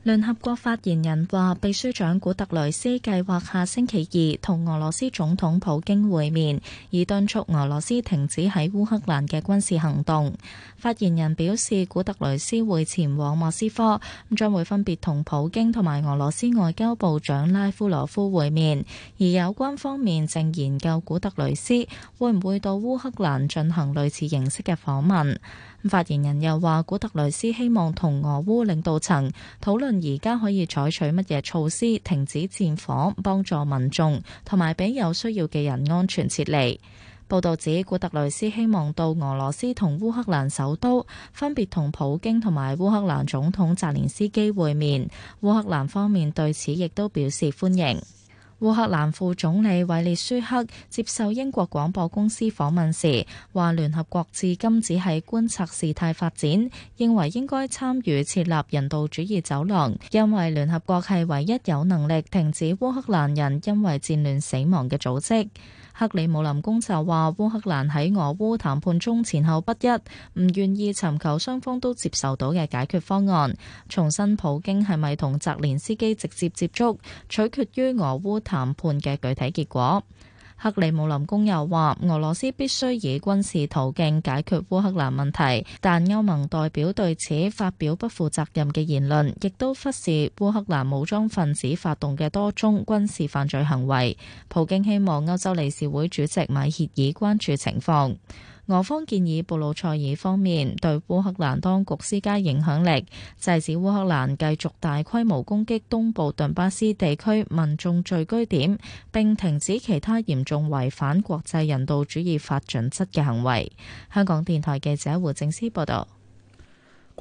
聯合國發言人話，秘書長古特雷斯計劃下星期二同俄羅斯總統普京會面，以敦促俄羅斯停止喺烏克蘭嘅軍事行動。發言人表示，古特雷斯會前往莫斯科，將會分別同普京同埋俄羅斯外交部長拉夫羅夫會面。而有關方面正研究古特雷斯會唔會到烏克蘭進行類似形式嘅訪問。發言人又話，古特雷斯希望同俄烏領導層討論，而家可以採取乜嘢措施停止戰火，幫助民眾，同埋俾有需要嘅人安全撤離。報道指，古特雷斯希望到俄羅斯同烏克蘭首都分別同普京同埋烏克蘭總統澤連斯基會面。烏克蘭方面對此亦都表示歡迎。烏克蘭副總理韋列舒克接受英國廣播公司訪問時，話聯合國至今只係觀察事態發展，認為應該參與設立人道主義走廊，因為聯合國係唯一有能力停止烏克蘭人因為戰亂死亡嘅組織。克里姆林宮就話，烏克蘭喺俄烏談判中前後不一，唔願意尋求雙方都接受到嘅解決方案。重申普京係咪同澤連斯基直接接觸，取決於俄烏談判嘅具體結果。克里姆林宮又話俄羅斯必須以軍事途徑解決烏克蘭問題，但歐盟代表對此發表不負責任嘅言論亦都忽視烏克蘭武裝分子發動嘅多宗軍事犯罪行為，普京希望歐洲理事會主席米歇爾關注情況。俄方建議布魯塞爾方面對烏克蘭當局施加影響力，制止烏克蘭繼續大規模攻擊東部頓巴斯地區民眾聚居點，並停止其他嚴重違反國際人道主義法準則嘅行為。香港電台記者胡正思報道。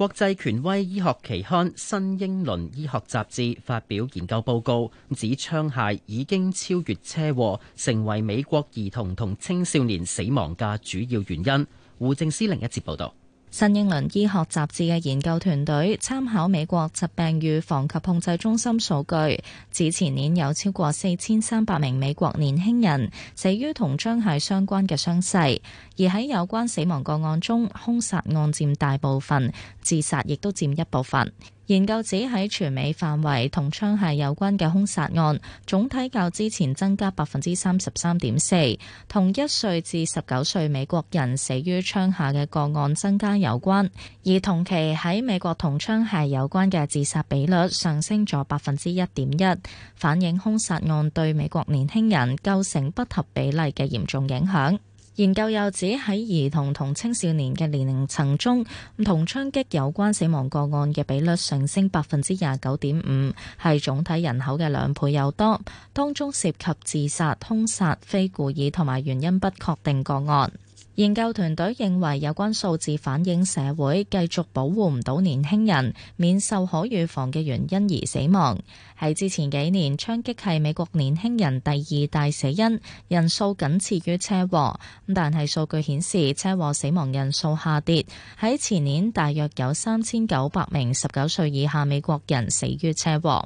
國際權威醫學期刊《新英倫醫學雜誌》發表研究報告，指槍械已經超越車禍，成為美國兒童同青少年死亡嘅主要原因。胡政思另一節報道。《新英倫醫學雜誌》嘅研究團隊參考美國疾病預防及控制中心數據，指前年有超過四千三百名美國年輕人死於同槍械相關嘅傷勢，而喺有關死亡個案中，兇殺案佔大部分，自殺亦都佔一部分。研究指喺全美範圍同槍械有關嘅兇殺案總體較之前增加百分之三十三點四，同一歲至十九歲美國人死於槍下嘅個案增加有關，而同期喺美國同槍械有關嘅自殺比率上升咗百分之一點一，反映兇殺案對美國年輕人構成不合比例嘅嚴重影響。研究又指喺兒童同青少年嘅年齡層中，同槍擊有關死亡個案嘅比率上升百分之廿九點五，係總體人口嘅兩倍有多。當中涉及自殺、通殺、非故意同埋原因不確定個案。研究團隊認為有關數字反映社會繼續保護唔到年輕人，免受可預防嘅原因而死亡。喺之前幾年，槍擊係美國年輕人第二大死因，人數僅次於車禍。但係數據顯示車禍死亡人數下跌。喺前年大約有三千九百名十九歲以下美國人死於車禍，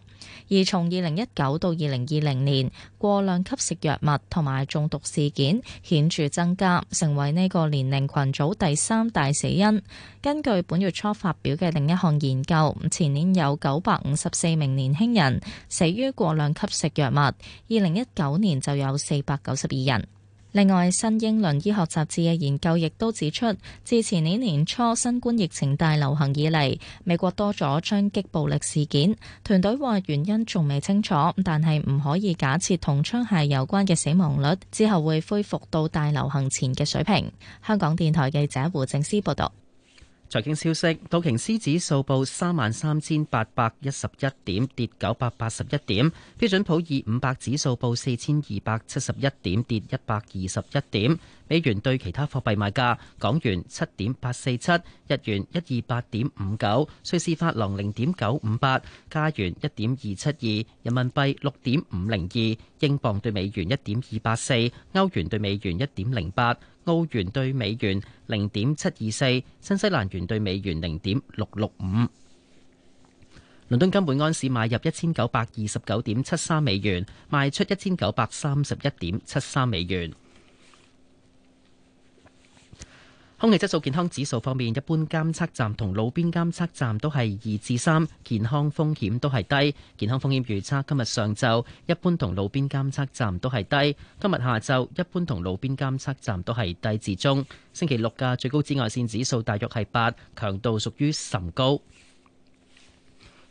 而從二零一九到二零二零年，過量吸食藥物同埋中毒事件顯著增加，成為呢個年齡群組第三大死因。根據本月初發表嘅另一項研究，前年有九百五十四名年輕人，死於過量吸食藥物，二零一九年就有四百九十二人。另外，《新英倫醫學雜誌》嘅研究亦都指出，自前年年初新冠疫情大流行以嚟，美國多咗槍擊暴力事件。團隊話原因仲未清楚，但係唔可以假設同槍械有關嘅死亡率之後會恢復到大流行前嘅水平。香港電台記者胡正思報道。財經消息：道瓊斯指數報三萬三千八百一十一點，跌九百八十一點；標準普爾五百指數報四千二百七十一點，跌一百二十一點。美元兌其他貨幣賣價：港元七點八四七，日元一二八點五九，瑞士法郎零點九五八，加元一點二七二，人民幣六點五零二，英鎊對美元一點二八四，歐元對美元一點零八，澳元對美元零點七二四，新西蘭元對美元零點六六五。倫敦金本安士買入一千九百二十九點七三美元，賣出一千九百三十一點七三美元。空氣質素健康指數方面，一般監測站同路邊監測站都係二至三，健康風險都係低。健康風險預測今日上晝一般同路邊監測站都係低，今日下晝一般同路邊監測站都係低至中。星期六嘅最高紫外線指數大約係八，強度屬於甚高。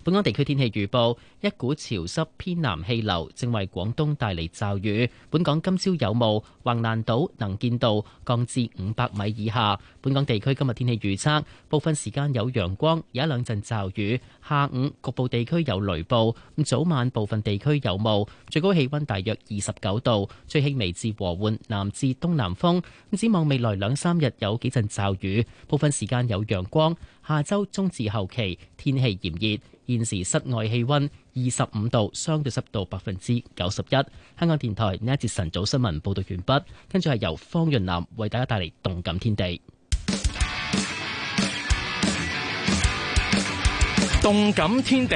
本港地區天氣預報：一股潮濕偏南氣流正為廣東帶嚟驟雨。本港今朝有霧，橫瀾島能見度降至五百米以下。本港地區今日天氣預測：部分時間有陽光，有一兩陣驟雨，下午局部地區有雷暴。咁早晚部分地區有霧，最高氣溫大約二十九度，吹輕微至和緩，南至東南風。咁展望未來兩三日有幾陣驟雨，部分時間有陽光。下周中至後期天氣炎熱。現時室外氣温二十五度，相對濕度百分之九十一。香港電台呢一節晨早新聞報道完畢，跟住係由方潤南為大家帶嚟動感天地。動感天地，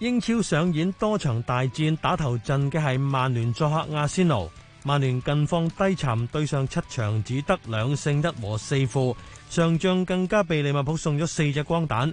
英超上演多場大戰，打頭陣嘅係曼聯作客阿仙奴。曼聯近況低沉，對上七場只得兩勝一和四負，上仗更加被利物浦送咗四隻光蛋。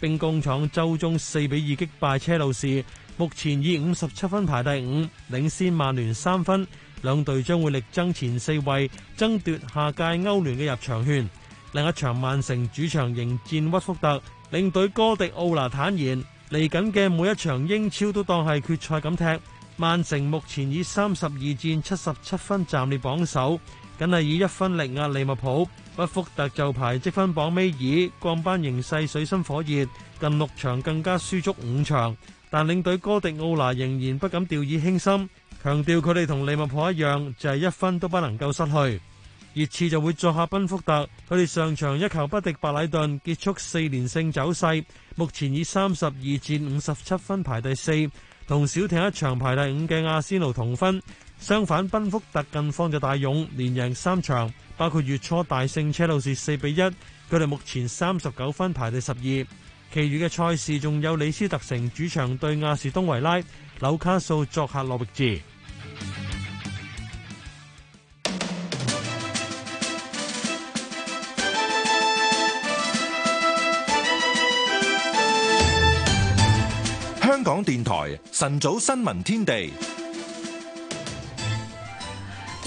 兵工廠周中四比二擊敗車路士，目前以五十七分排第五，領先曼聯三分。兩隊將會力爭前四位，爭奪下屆歐聯嘅入場券。另一場曼城主場迎戰屈福特，領隊哥迪奧拿坦言：嚟緊嘅每一場英超都當係決賽咁踢。曼城目前以三十二戰七十七分暫列榜首。緊係以一分力壓利物浦，屈福特就排積分榜尾二，降班形勢水深火熱，近六場更加輸足五場。但領隊哥迪奧拿仍然不敢掉以輕心，強調佢哋同利物浦一樣，就係一分都不能夠失去。熱刺就會作客賓福特，佢哋上場一球不敵白禮頓，結束四連勝走勢，目前以三十二戰五十七分排第四，同少踢一場排第五嘅阿仙奴同分。相反，奔福特近方嘅大勇，連贏三場，包括月初大勝車路士四比一。佢哋目前三十九分排第十二，其餘嘅賽事仲有李斯特城主場對亞士東維拉、紐卡素作客諾域治。香港電台晨早新聞天地。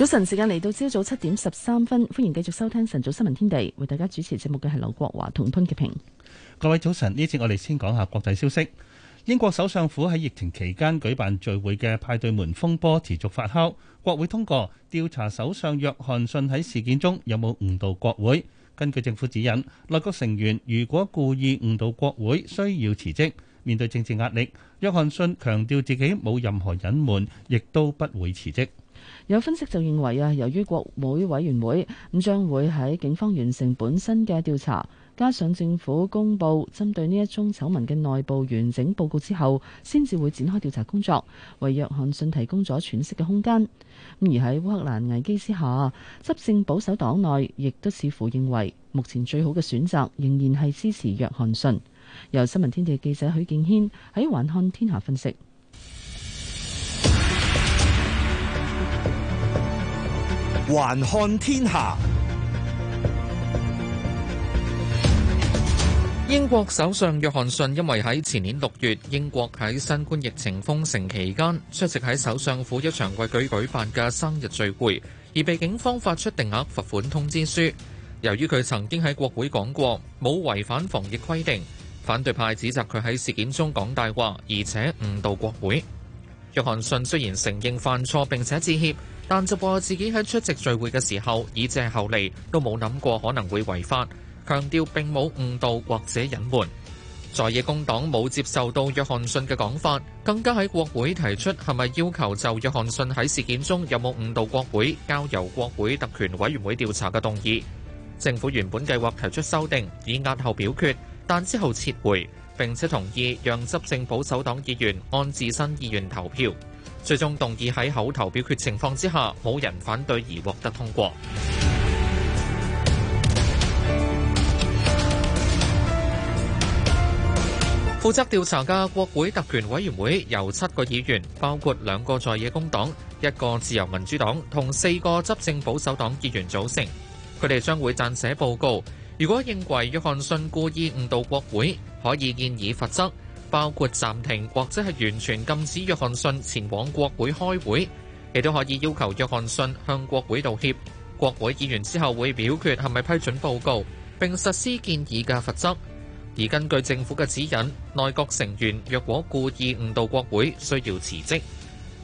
早晨，時間嚟到朝早七點十三分，歡迎繼續收聽晨早新聞天地，為大家主持節目嘅係劉國華同潘潔平。各位早晨，呢次我哋先講下國際消息。英國首相府喺疫情期間舉辦聚會嘅派對門風波持續發酵，國會通過調查首相約翰遜喺事件中有冇誤導國會。根據政府指引，內閣成員如果故意誤導國會，需要辭職。面對政治壓力，約翰遜強調自己冇任何隱瞞，亦都不會辭職。有分析就認為啊，由於國會委員會咁將會喺警方完成本身嘅調查，加上政府公布針對呢一宗醜聞嘅內部完整報告之後，先至會展開調查工作，為約翰遜提供咗喘息嘅空間。咁而喺烏克蘭危機之下，執政保守黨內亦都似乎認為目前最好嘅選擇仍然係支持約翰遜。由新聞天地記者許敬軒喺環看天下分析。還看天下。英國首相約翰遜因為喺前年六月，英國喺新冠疫情封城期間，出席喺首相府一場為舉舉辦嘅生日聚會，而被警方發出定額罰款通知書。由於佢曾經喺國會講過冇違反防疫規定，反對派指責佢喺事件中講大話，而且誤導國會。約翰遜雖然承認犯錯並且致歉，但就話自己喺出席聚會嘅時候以及後嚟，都冇諗過可能會違法，強調並冇誤導或者隱瞞。在野工黨冇接受到約翰遜嘅講法，更加喺國會提出係咪要求就約翰遜喺事件中有冇誤導國會，交由國會特權委員會調查嘅動議。政府原本計劃提出修訂，以押後表決，但之後撤回。並且同意讓執政保守黨議員按自身意願投票，最終動議喺口頭表決情況之下冇人反對而獲得通過。負責調查嘅國會特權委員會由七個議員，包括兩個在野工黨、一個自由民主黨同四個執政保守黨議員組成。佢哋將會撰寫報告，如果認為約翰遜故意誤導國會，可以建議罰則，包括暫停或者係完全禁止約翰遜前往國會開會，亦都可以要求約翰遜向國會道歉。國會議員之後會表決係咪批准報告並實施建議嘅罰則。而根據政府嘅指引，內閣成員若果故意誤導國會，需要辭職。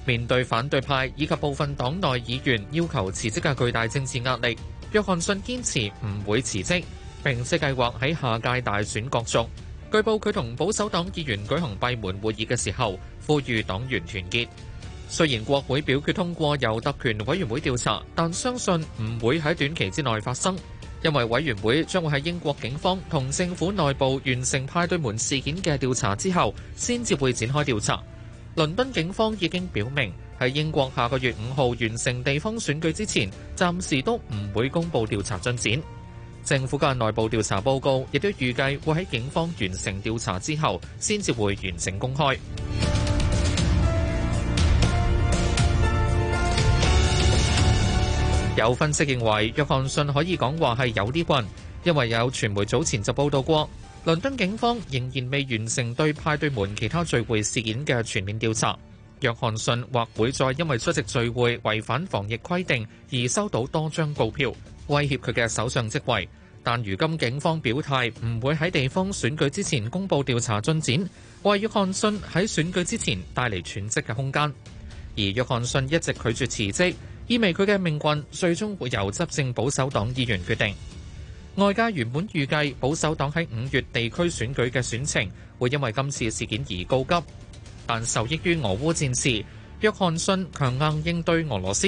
面對反對派以及部分黨內議員要求辭職嘅巨大政治壓力，約翰遜堅持唔會辭職，並且計劃喺下屆大選角逐。據報佢同保守黨議員舉行閉門會議嘅時候，呼籲黨員團結。雖然國會表決通過由特權委員會調查，但相信唔會喺短期之內發生，因為委員會將會喺英國警方同政府內部完成派對門事件嘅調查之後，先至會展開調查。倫敦警方已經表明，喺英國下個月五號完成地方選舉之前，暫時都唔會公布調查進展。政府嘅內部調查報告亦都預計會喺警方完成調查之後先至會完成公開。 有分析認為，約翰遜可以講話係有啲混，因為有傳媒早前就報道過，倫敦警方仍然未完成對派對門其他聚會事件嘅全面調查。約翰遜或會再因為出席聚會違反防疫規定而收到多張告票。威脅佢嘅首相職位，但如今警方表態唔會喺地方選舉之前公布調查進展，為約翰遜喺選舉之前帶嚟喘息嘅空間。而約翰遜一直拒絕辭職，意味佢嘅命運最終會由執政保守黨議員決定。外界原本預計保守黨喺五月地區選舉嘅選情會因為今次事件而告急，但受益於俄烏戰事，約翰遜強硬應對俄羅斯。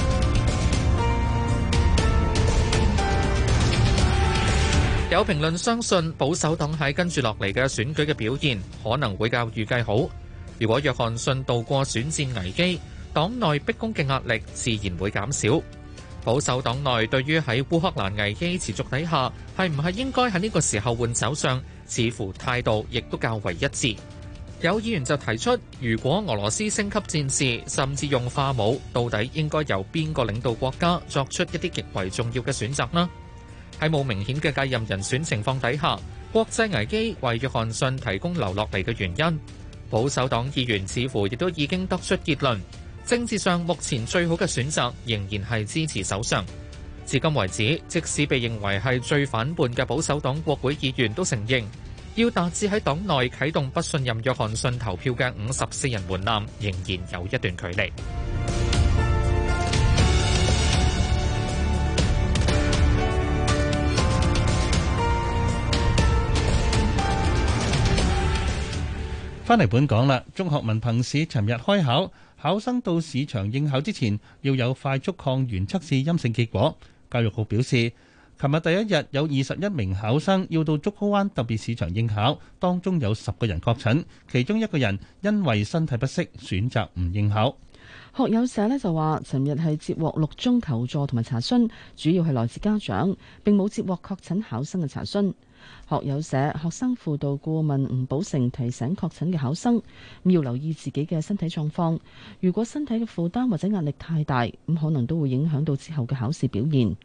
有評論相信保守黨喺跟住落嚟嘅選舉嘅表現可能會較預計好。如果約翰遜渡過選戰危機，黨內逼宮嘅壓力自然會減少。保守黨內對於喺烏克蘭危機持續底下係唔係應該喺呢個時候換首相，似乎態度亦都較為一致。有議員就提出，如果俄羅斯升級戰事，甚至用化武，到底應該由邊個領導國家作出一啲極為重要嘅選擇呢？喺冇明顯嘅繼任人選情況底下，國際危機為約翰遜提供留落嚟嘅原因。保守黨議員似乎亦都已經得出結論，政治上目前最好嘅選擇仍然係支持首相。至今為止，即使被認為係最反叛嘅保守黨國會議員都承認，要達至喺黨內啟動不信任約翰遜投票嘅五十四人門檻，仍然有一段距離。翻嚟本港啦！中學文憑試尋日開考，考生到市場應考之前要有快速抗原測試陰性結果。教育局表示，尋日第一日有二十一名考生要到竹篙灣特別市場應考，當中有十個人確診，其中一個人因為身體不適選擇唔應考。學友社呢就話，尋日係接獲六宗求助同埋查詢，主要係來自家長，並冇接獲確診考生嘅查詢。學友社學生輔導顧問吳寶成提醒確診嘅考生，咁要留意自己嘅身體狀況。如果身體嘅負擔或者壓力太大，咁可能都會影響到之後嘅考試表現。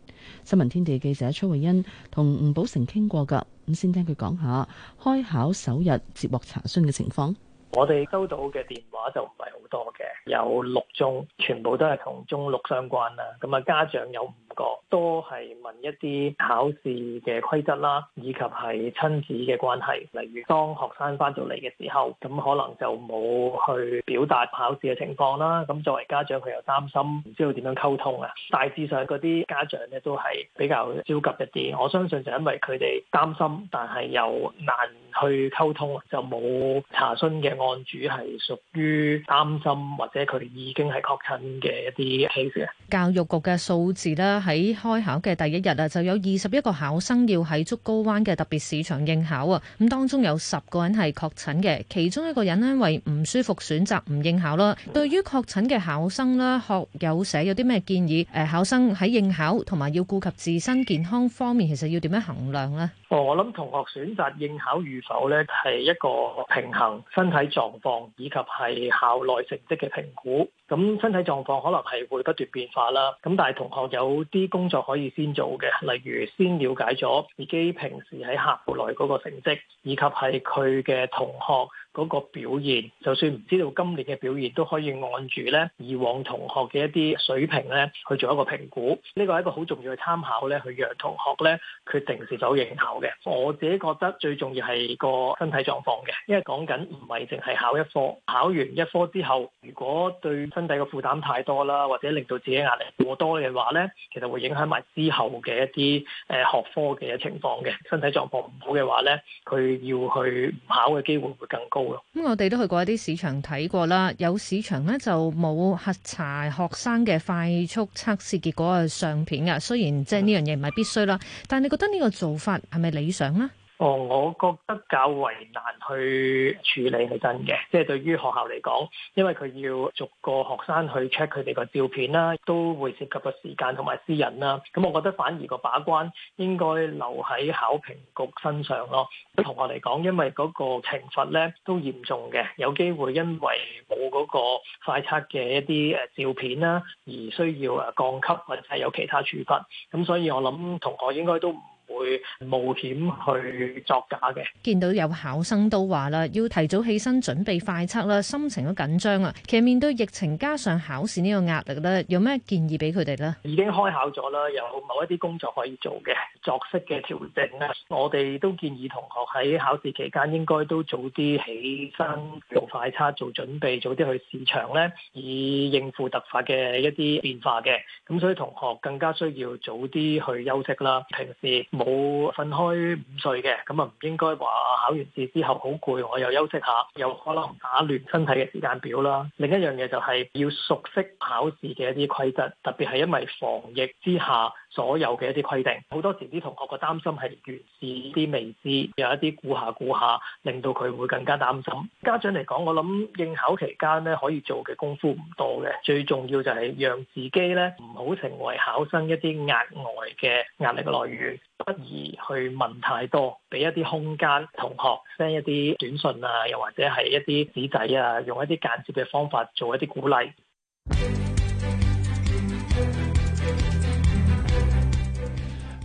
新聞天地記者崔慧欣同吳寶成傾過㗎，咁先聽佢講下開考首日接獲查詢嘅情況。我哋收到嘅電話就唔係好多嘅，有六宗，全部都係同中六相關啦。咁啊，家長有。個都係問一啲考試嘅規則啦，以及係親子嘅關係。例如當學生翻到嚟嘅時候，咁可能就冇去表達考試嘅情況啦。咁作為家長，佢又擔心，唔知道點樣溝通啊。大致上嗰啲家長咧都係比較焦急一啲。我相信就因為佢哋擔心，但係又難去溝通，就冇查詢嘅案主係屬於擔心或者佢哋已經係確診嘅一啲 case。教育局嘅數字啦。喺開考嘅第一日啊，就有二十一個考生要喺竹篙灣嘅特別市場應考啊。咁當中有十個人係確診嘅，其中一個人呢，因為唔舒服選擇唔應考啦。對於確診嘅考生啦，學友社有啲咩建議？誒，考生喺應考同埋要顧及自身健康方面，其實要點樣衡量呢？哦，我諗同學選擇應考與否咧，係一個平衡身體狀況以及係校內成績嘅評估。咁身體狀況可能係會不斷變化啦。咁但係同學有啲工作可以先做嘅，例如先了解咗自己平時喺校內嗰個成績，以及係佢嘅同學。嗰個表現，就算唔知道今年嘅表現，都可以按住咧以往同學嘅一啲水平咧去做一個評估。呢個係一個好重要嘅參考咧，去讓同學咧決定是否應考嘅。我自己覺得最重要係個身體狀況嘅，因為講緊唔係淨係考一科，考完一科之後，如果對身體嘅負擔太多啦，或者令到自己壓力過多嘅話咧，其實會影響埋之後嘅一啲誒學科嘅情況嘅。身體狀況唔好嘅話咧，佢要去唔考嘅機會會更高。咁、嗯、我哋都去過一啲市場睇過啦，有市場呢，就冇核查學生嘅快速測試結果嘅相片㗎。雖然即係呢樣嘢唔係必須啦，但你覺得呢個做法係咪理想呢？哦，我覺得較為難去處理係真嘅，即係對於學校嚟講，因為佢要逐個學生去 check 佢哋個照片啦，都會涉及個時間同埋私隱啦。咁、嗯、我覺得反而個把關應該留喺考評局身上咯。同學嚟講，因為嗰個懲罰咧都嚴重嘅，有機會因為冇嗰個快測嘅一啲誒照片啦，而需要誒降級或者係有其他處分。咁、嗯、所以我諗同學應該都唔會冒險去作假嘅。見到有考生都話啦，要提早起身準備快測啦，心情都緊張啊。其實面對疫情加上考試呢個壓力咧，有咩建議俾佢哋咧？已經開考咗啦，有某一啲工作可以做嘅，作息嘅調整啦。我哋都建議同學喺考試期間應該都早啲起身用快測做準備，早啲去試場咧，以應付突發嘅一啲變化嘅。咁所以同學更加需要早啲去休息啦，平時。冇瞓開午睡嘅，咁啊，唔應該話考完試之後好攰，我又休息下，又可能打亂身體嘅時間表啦。另一樣嘢就係要熟悉考試嘅一啲規則，特別係因為防疫之下所有嘅一啲規定，好多時啲同學嘅擔心係源自啲未知，有一啲估下估下，令到佢會更加擔心。家長嚟講，我諗應考期間咧，可以做嘅功夫唔多嘅，最重要就係讓自己咧，唔好成為考生一啲額外嘅壓力嘅來源。不宜去問太多，俾一啲空間同學 send 一啲短信啊，又或者係一啲紙仔啊，用一啲間接嘅方法做一啲鼓勵。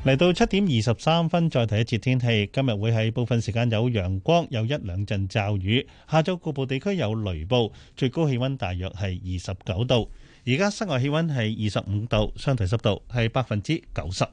嚟到七點二十三分，再睇一次天氣。今日會喺部分時間有陽光，有一兩陣驟雨，下晝局部地區有雷暴，最高氣温大約係二十九度。而家室外氣温係二十五度，相對濕度係百分之九十。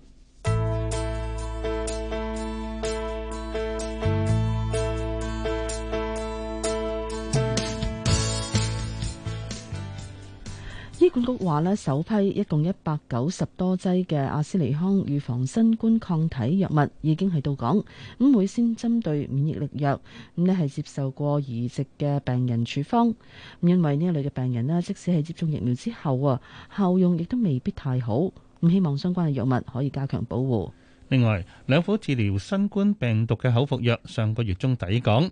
醫管局話咧，首批一共一百九十多劑嘅阿斯利康預防新冠抗體藥物已經係到港，咁會先針對免疫力弱，咁咧係接受過移植嘅病人處方。因為呢一類嘅病人咧，即使係接種疫苗之後啊，效用亦都未必太好，咁希望相關嘅藥物可以加強保護。另外，兩款治療新冠病毒嘅口服藥上個月中抵港。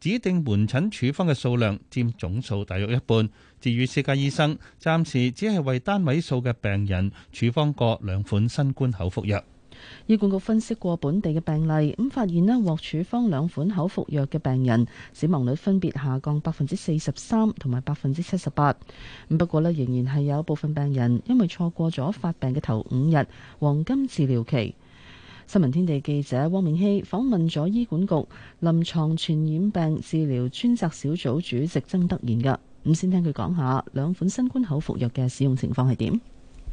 指定門診處方嘅數量佔總數大約一半，至於私家醫生，暫時只係為單位數嘅病人處方過兩款新冠口服藥。醫管局分析過本地嘅病例，咁發現呢，獲處方兩款口服藥嘅病人，死亡率分別下降百分之四十三同埋百分之七十八。咁不過呢，仍然係有部分病人因為錯過咗發病嘅頭五日黃金治療期。新聞天地記者汪明希訪問咗醫管局臨床傳染病治療專責小組主席曾德賢噶，咁先聽佢講下兩款新冠口服藥嘅使用情況係點。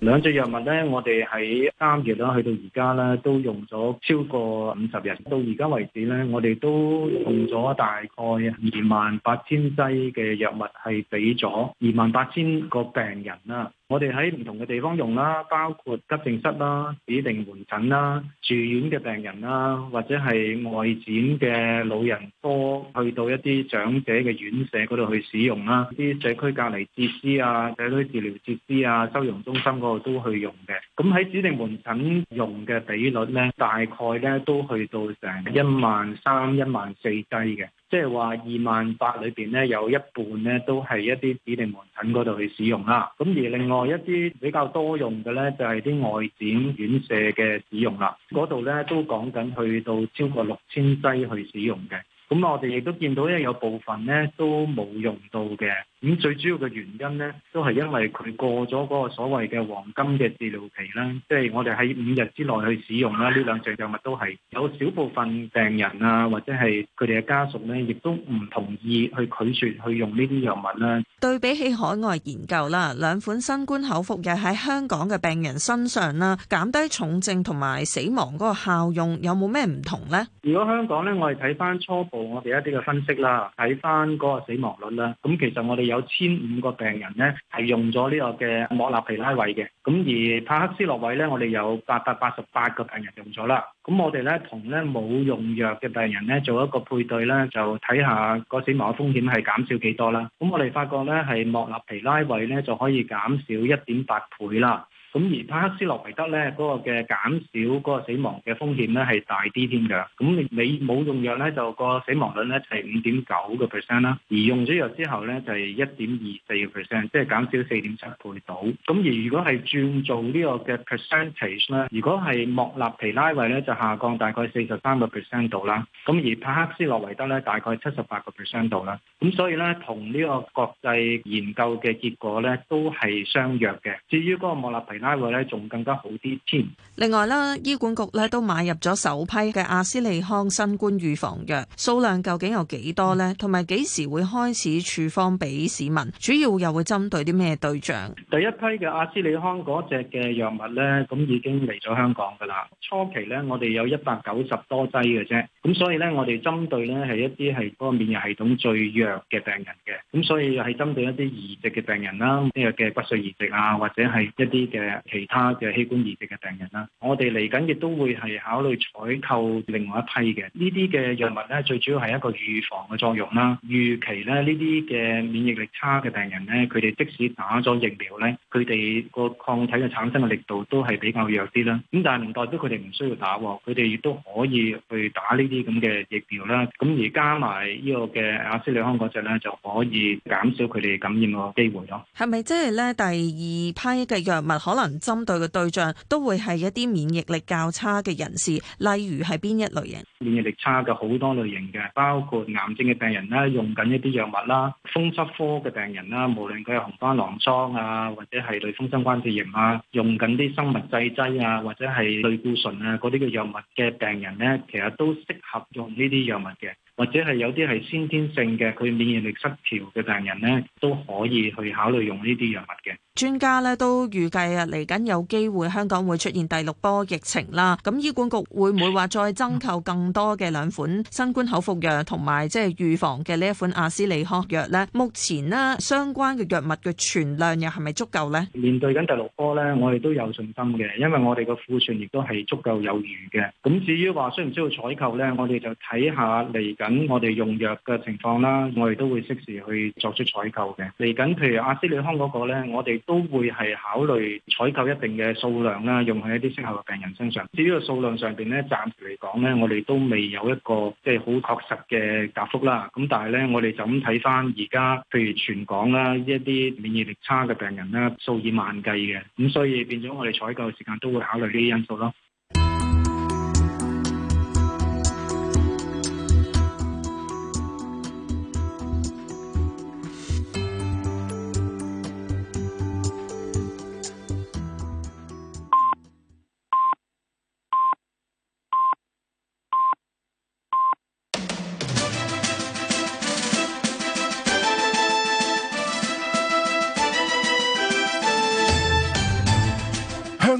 兩隻藥物呢，我哋喺三月啦，去到而家咧，都用咗超過五十日。到而家為止呢，我哋都用咗大概二萬八千劑嘅藥物，係俾咗二萬八千個病人啦。我哋喺唔同嘅地方用啦，包括急症室啦、指定門診啦、住院嘅病人啦，或者係外展嘅老人科，去到一啲長者嘅院舍嗰度去使用啦，啲社區隔離設施啊、社區治療設施啊、收容中心嗰度都去用嘅。咁喺指定門診用嘅比率咧，大概咧都去到成一萬三、一萬四劑嘅。即係話二萬八裏邊咧，有一半咧都係一啲指定門診嗰度去使用啦。咁而另外一啲比較多用嘅咧，就係啲外展院舍嘅使用啦。嗰度咧都講緊去到超過六千劑去使用嘅。咁我哋亦都見到咧，有部分咧都冇用到嘅。咁最主要嘅原因呢，都係因為佢過咗嗰個所謂嘅黃金嘅治療期啦，即係我哋喺五日之內去使用啦。呢兩隻藥物都係有少部分病人啊，或者係佢哋嘅家屬呢亦都唔同意去拒絕去用呢啲藥物啦。對比起海外研究啦，兩款新冠口服藥喺香港嘅病人身上啦，減低重症同埋死亡嗰個效用有冇咩唔同咧？如果香港咧，我哋睇翻初步我哋一啲嘅分析啦，睇翻嗰個死亡率啦，咁其實我哋有。有千五個病人咧，係用咗呢個嘅莫納皮拉韋嘅，咁而帕克斯洛韋咧，我哋有八百八十八個病人用咗啦，咁我哋咧同咧冇用藥嘅病人咧做一個配對咧，就睇下個死亡嘅風險係減少幾多啦，咁我哋發覺咧係莫納皮拉韋咧就可以減少一點八倍啦。咁而帕克斯洛維德咧，嗰個嘅減少嗰個死亡嘅風險咧係大啲添㗎。咁你冇用藥咧，就個死亡率咧就係五點九個 percent 啦。而用咗藥之後咧，就係一點二四個 percent，即係減少四點七倍到。咁而如果係轉做呢個嘅 percentage 咧，如果係莫納皮拉維咧，就下降大概四十三個 percent 度啦。咁而帕克斯洛維德咧，大概七十八個 percent 度啦。咁所以咧，同呢個國際研究嘅結果咧，都係相若嘅。至於嗰個莫納皮拉另外咧，仲更加好啲添。另外啦，醫管局咧都買入咗首批嘅阿斯利康新冠預防藥，數量究竟有幾多呢？同埋幾時會開始處方俾市民？主要又會針對啲咩對象？第一批嘅阿斯利康嗰隻嘅藥物咧，咁已經嚟咗香港噶啦。初期咧，我哋有一百九十多劑嘅啫。咁所以咧，我哋針對咧係一啲係嗰個免疫系統最弱嘅病人嘅。咁所以又係針對一啲移植嘅病人啦，呢個嘅骨髓移植啊，或者係一啲嘅。其他嘅器官移植嘅病人啦，我哋嚟緊亦都會係考慮採購另外一批嘅呢啲嘅藥物咧，最主要係一個預防嘅作用啦。預期咧呢啲嘅免疫力差嘅病人咧，佢哋即使打咗疫苗咧，佢哋個抗體嘅產生嘅力度都係比較弱啲啦。咁但係唔代表佢哋唔需要打喎，佢哋亦都可以去打呢啲咁嘅疫苗啦。咁而加埋呢個嘅阿斯利康嗰隻咧，就可以減少佢哋感染嘅機會咯。係咪即係咧第二批嘅藥物可能？針對嘅對象都會係一啲免疫力較差嘅人士，例如係邊一類型？免疫力差嘅好多類型嘅，包括癌症嘅病人啦，用緊一啲藥物啦，風濕科嘅病人啦，無論佢係紅斑狼瘡啊，或者係類風濕關節炎啊，用緊啲生物製劑啊，或者係類固醇啊嗰啲嘅藥物嘅病人咧，其實都適合用呢啲藥物嘅。或者係有啲係先天性嘅，佢免疫力失調嘅病人呢，都可以去考慮用呢啲藥物嘅。專家咧都預計啊，嚟緊有機會香港會出現第六波疫情啦。咁醫管局會唔會話再增購更多嘅兩款新冠口服藥同埋即係預防嘅呢一款阿斯利康藥呢？目前呢相關嘅藥物嘅存量又係咪足夠呢？面對緊第六波呢，我哋都有信心嘅，因為我哋嘅庫存亦都係足夠有餘嘅。咁至於話需唔需要採購呢，我哋就睇下嚟緊。等我哋用藥嘅情況啦，我哋都會適時去作出採購嘅。嚟緊譬如阿斯利康嗰個咧，我哋都會係考慮採購一定嘅數量啦，用喺一啲適合嘅病人身上。至於個數量上面咧，暫時嚟講咧，我哋都未有一個即係好確實嘅答覆啦。咁但係咧，我哋就咁睇翻而家，譬如全港啦，一啲免疫力差嘅病人啦，數以萬計嘅，咁所以變咗我哋採購嘅時間都會考慮呢啲因素咯。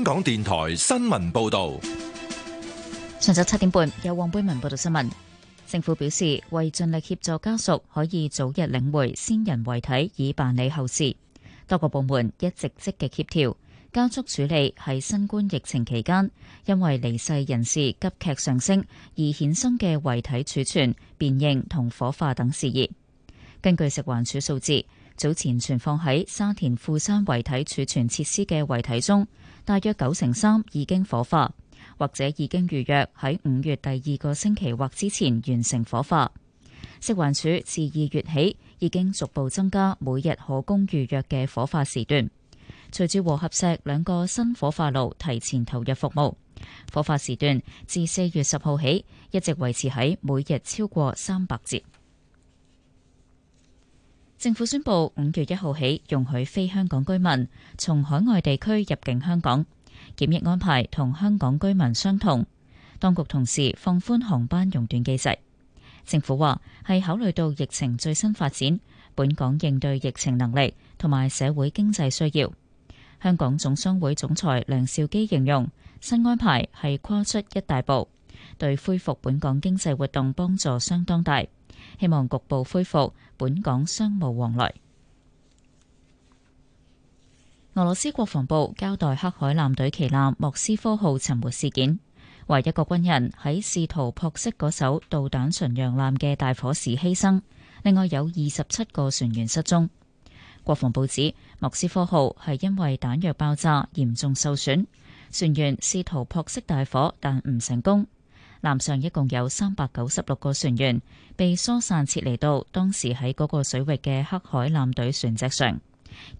香港電台新聞報道，上晝七點半，有黃貝文報道新聞。政府表示，為盡力協助家屬，可以早日領回先人遺體，以辦理後事。多個部門一直積極協調，加速處理。喺新冠疫情期間，因為離世人士急劇上升，而衍生嘅遺體儲存、辨認同火化等事宜。根據食環署數字，早前存放喺沙田富山遺體儲存設施嘅遺體中，大約九成三已經火化，或者已經預約喺五月第二個星期或之前完成火化。食環署自二月起已經逐步增加每日可供預約嘅火化時段，隨住和合石兩個新火化爐提前投入服務，火化時段自四月十號起一直維持喺每日超過三百節。政府宣布五月一號起容許非香港居民從海外地區入境香港，檢疫安排同香港居民相同。當局同時放寬航班熔斷機制。政府話係考慮到疫情最新發展、本港應對疫情能力同埋社會經濟需要。香港總商會總裁梁兆基形容新安排係跨出一大步，對恢復本港經濟活動幫助相當大。希望局部恢復，本港商務往來。俄羅斯國防部交代黑海艦隊旗艦莫斯科號沉沒事件，唯一,一個軍人喺試圖撲熄嗰艘導彈巡洋艦嘅大火時犧牲，另外有二十七個船員失蹤。國防部指莫斯科號係因為彈藥爆炸嚴重受損，船員試圖撲熄大火，但唔成功。艦上一共有三百九十六個船員被疏散撤離到當時喺嗰個水域嘅黑海艦隊船隻上，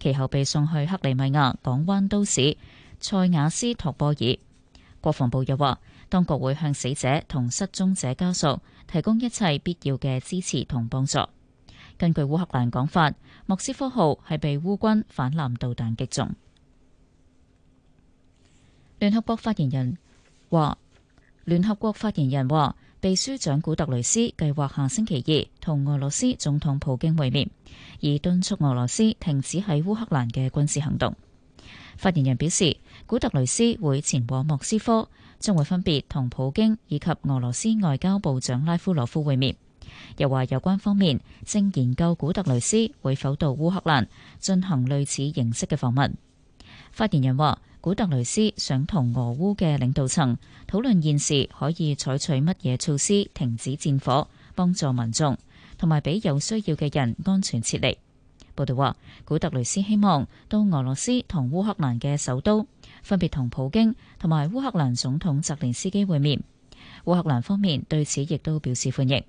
其後被送去克里米亞港灣都市塞瓦斯托波爾。國防部又話，當局會向死者同失蹤者家屬提供一切必要嘅支持同幫助。根據烏克蘭講法，莫斯科號係被烏軍反艦導彈擊中。聯合國發言人話。聯合國發言人話，秘書長古特雷斯計劃下星期二同俄羅斯總統普京會面，以敦促俄羅斯停止喺烏克蘭嘅軍事行動。發言人表示，古特雷斯會前往莫斯科，將會分別同普京以及俄羅斯外交部長拉夫羅夫會面。又話有關方面正研究古特雷斯會否到烏克蘭進行類似形式嘅訪問。發言人話。古特雷斯想同俄烏嘅領導層討論現時可以採取乜嘢措施停止戰火，幫助民眾，同埋俾有需要嘅人安全撤離。報道話，古特雷斯希望到俄羅斯同烏克蘭嘅首都，分別同普京同埋烏克蘭總統澤連斯基會面。烏克蘭方面對此亦都表示歡迎。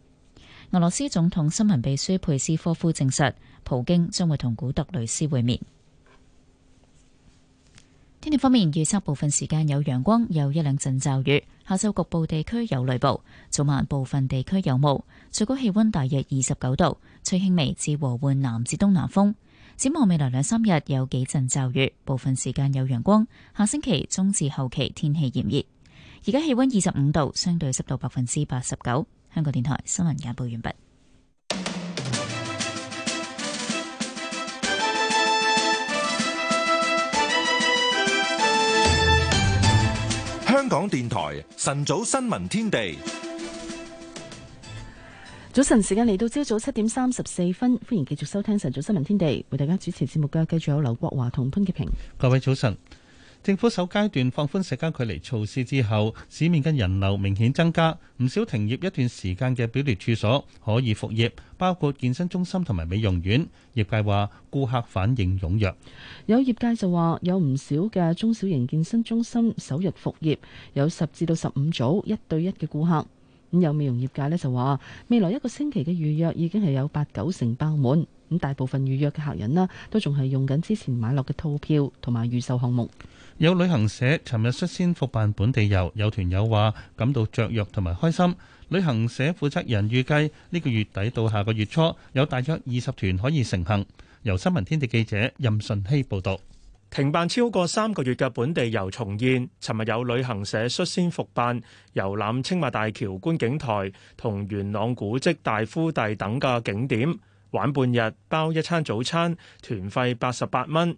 俄羅斯總統新聞秘書佩斯科夫證實，普京將會同古特雷斯會面。天氣方面，預測部分時間有陽光，有一兩陣驟雨。下晝局部地區有雷暴，早晚部分地區有霧。最高氣溫大約二十九度，吹輕微至和緩南至東南風。展望未來兩三日有幾陣驟雨，部分時間有陽光。下星期中至後期天氣炎熱。而家氣溫二十五度，相對濕度百分之八十九。香港電台新聞簡報完畢。香港電台晨早新聞天地，早晨時間嚟到朝早七點三十四分，歡迎繼續收聽晨早新聞天地，為大家主持節目嘅繼續有劉國華同潘潔平，各位早晨。政府首階段放寬社交距離措施之後，市面嘅人流明顯增加，唔少停業一段時間嘅表列處所可以復業，包括健身中心同埋美容院。業界話顧客反應踴躍，有業界就話有唔少嘅中小型健身中心首日復業，有十至到十五組一對一嘅顧客。咁有美容業界咧就話未來一個星期嘅預約已經係有八九成爆滿，咁大部分預約嘅客人啦，都仲係用緊之前買落嘅套票同埋預售項目。有旅行社尋日率先復辦本地遊，有團友話感到雀躍同埋開心。旅行社負責人預計呢、這個月底到下個月初有大約二十團可以成行。由新聞天地記者任順希報導。停辦超過三個月嘅本地遊重現，尋日有旅行社率先復辦遊覽青馬大橋觀景台同元朗古蹟大夫第等嘅景點，玩半日，包一餐早餐，團費八十八蚊。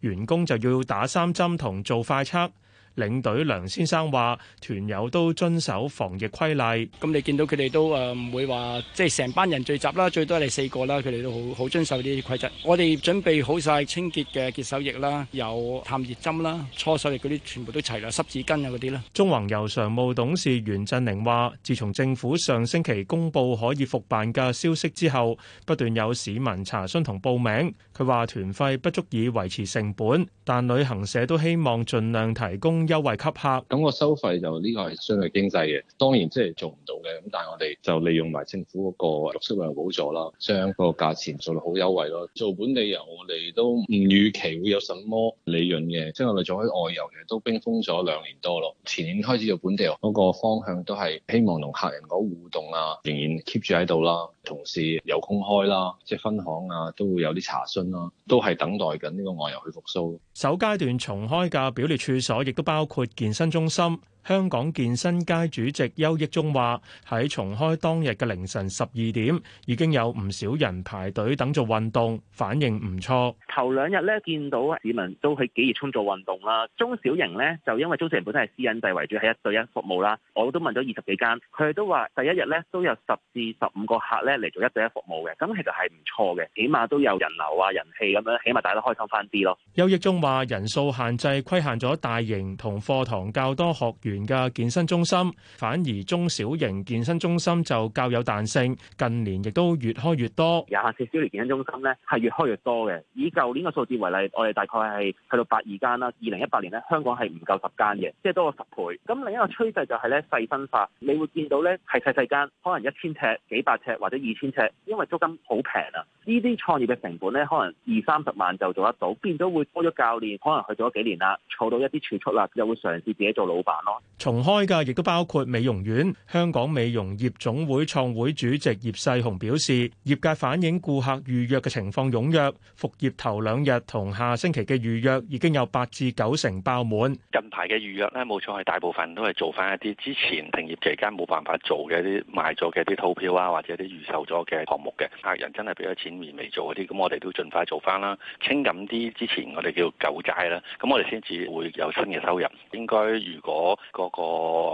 員工就要打三針同做快測。領隊梁先生話：團友都遵守防疫規例，咁你見到佢哋都誒唔會話，即係成班人聚集啦，最多係四個啦，佢哋都好好遵守呢啲規則。我哋準備好曬清潔嘅潔手液啦，有探熱針啦、搓手液嗰啲，全部都齊啦，濕紙巾啊嗰啲啦。中橫遊常務董事袁振寧話：自從政府上星期公布可以復辦嘅消息之後，不斷有市民查詢同報名。佢話團費不足以維持成本，但旅行社都希望盡量提供。優惠吸客，咁個收費就呢個係相對經濟嘅，當然即係做唔到嘅，咁但係我哋就利用埋政府嗰個綠色旅遊補助啦，將個價錢做得好優惠咯。做本地遊我哋都唔預期會有什麼利潤嘅，即係我哋做喺外遊嘅都冰封咗兩年多咯。前年開始做本地遊，嗰個方向都係希望同客人嗰互動啊，仍然 keep 住喺度啦。同事有空開啦，即係分行啊，都會有啲查詢咯，都係等待緊呢個外遊去復甦。首階段重開嘅表列處所，亦都包括健身中心。香港健身界主席邱益忠話：喺重開當日嘅凌晨十二點，已經有唔少人排隊等做運動，反應唔錯。頭兩日呢，見到市民都喺幾熱衷做運動啦。中小型呢，就因為中小型本身係私隱制為主，係一對一服務啦。我都問咗二十幾間，佢哋都話第一日呢都有十至十五個客呢嚟做一對一服務嘅，咁其實係唔錯嘅，起碼都有人流啊人氣咁樣，起碼大家開心翻啲咯。邱益忠話：人數限制規限咗大型同課堂較多學員，元嘅健身中心，反而中小型健身中心就較有彈性，近年亦都越開越多。廿四小時健身中心呢，係越開越多嘅。以舊年嘅數字為例，我哋大概係去到百二間啦。二零一八年呢，香港係唔夠十間嘅，即係多咗十倍。咁另一個趨勢就係咧細分化，你會見到咧係細細間可能一千尺、幾百尺或者二千尺，因為租金好平啊。呢啲創業嘅成本呢，可能二三十萬就做得到。變咗會多咗教練，可能去做咗幾年啦，儲到一啲儲蓄啦，又會嘗試自己做老闆咯。重開㗎，亦都包括美容院。香港美容業總會創會主席葉世雄表示，業界反映顧客預約嘅情況踴躍，復業頭兩日同下星期嘅預約已經有八至九成爆滿。近排嘅預約咧，冇錯，係大部分都係做翻一啲之前停業期間冇辦法做嘅一啲賣咗嘅一啲套票啊，或者啲預售咗嘅項目嘅客人真係俾咗錢而未做嗰啲，咁我哋都盡快做翻啦，清緊啲之前我哋叫舊債啦，咁我哋先至會有新嘅收入。應該如果個個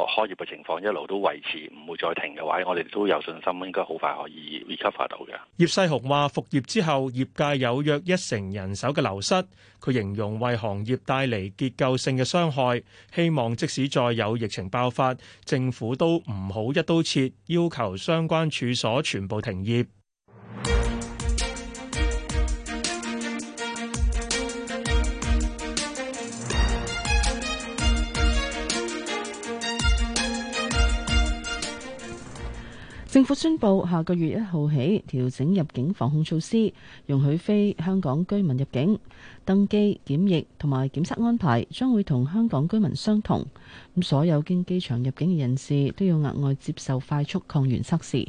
開業嘅情況一路都維持，唔會再停嘅話，我哋都有信心應該好快可以 recover 到嘅。葉世雄話：復業之後，業界有約一成人手嘅流失，佢形容為行業帶嚟結構性嘅傷害。希望即使再有疫情爆發，政府都唔好一刀切，要求相關處所全部停業。政府宣布，下個月一號起調整入境防控措施，容許非香港居民入境，登機、檢疫同埋檢測安排將會同香港居民相同。咁所有經機場入境嘅人士都要額外接受快速抗原測試。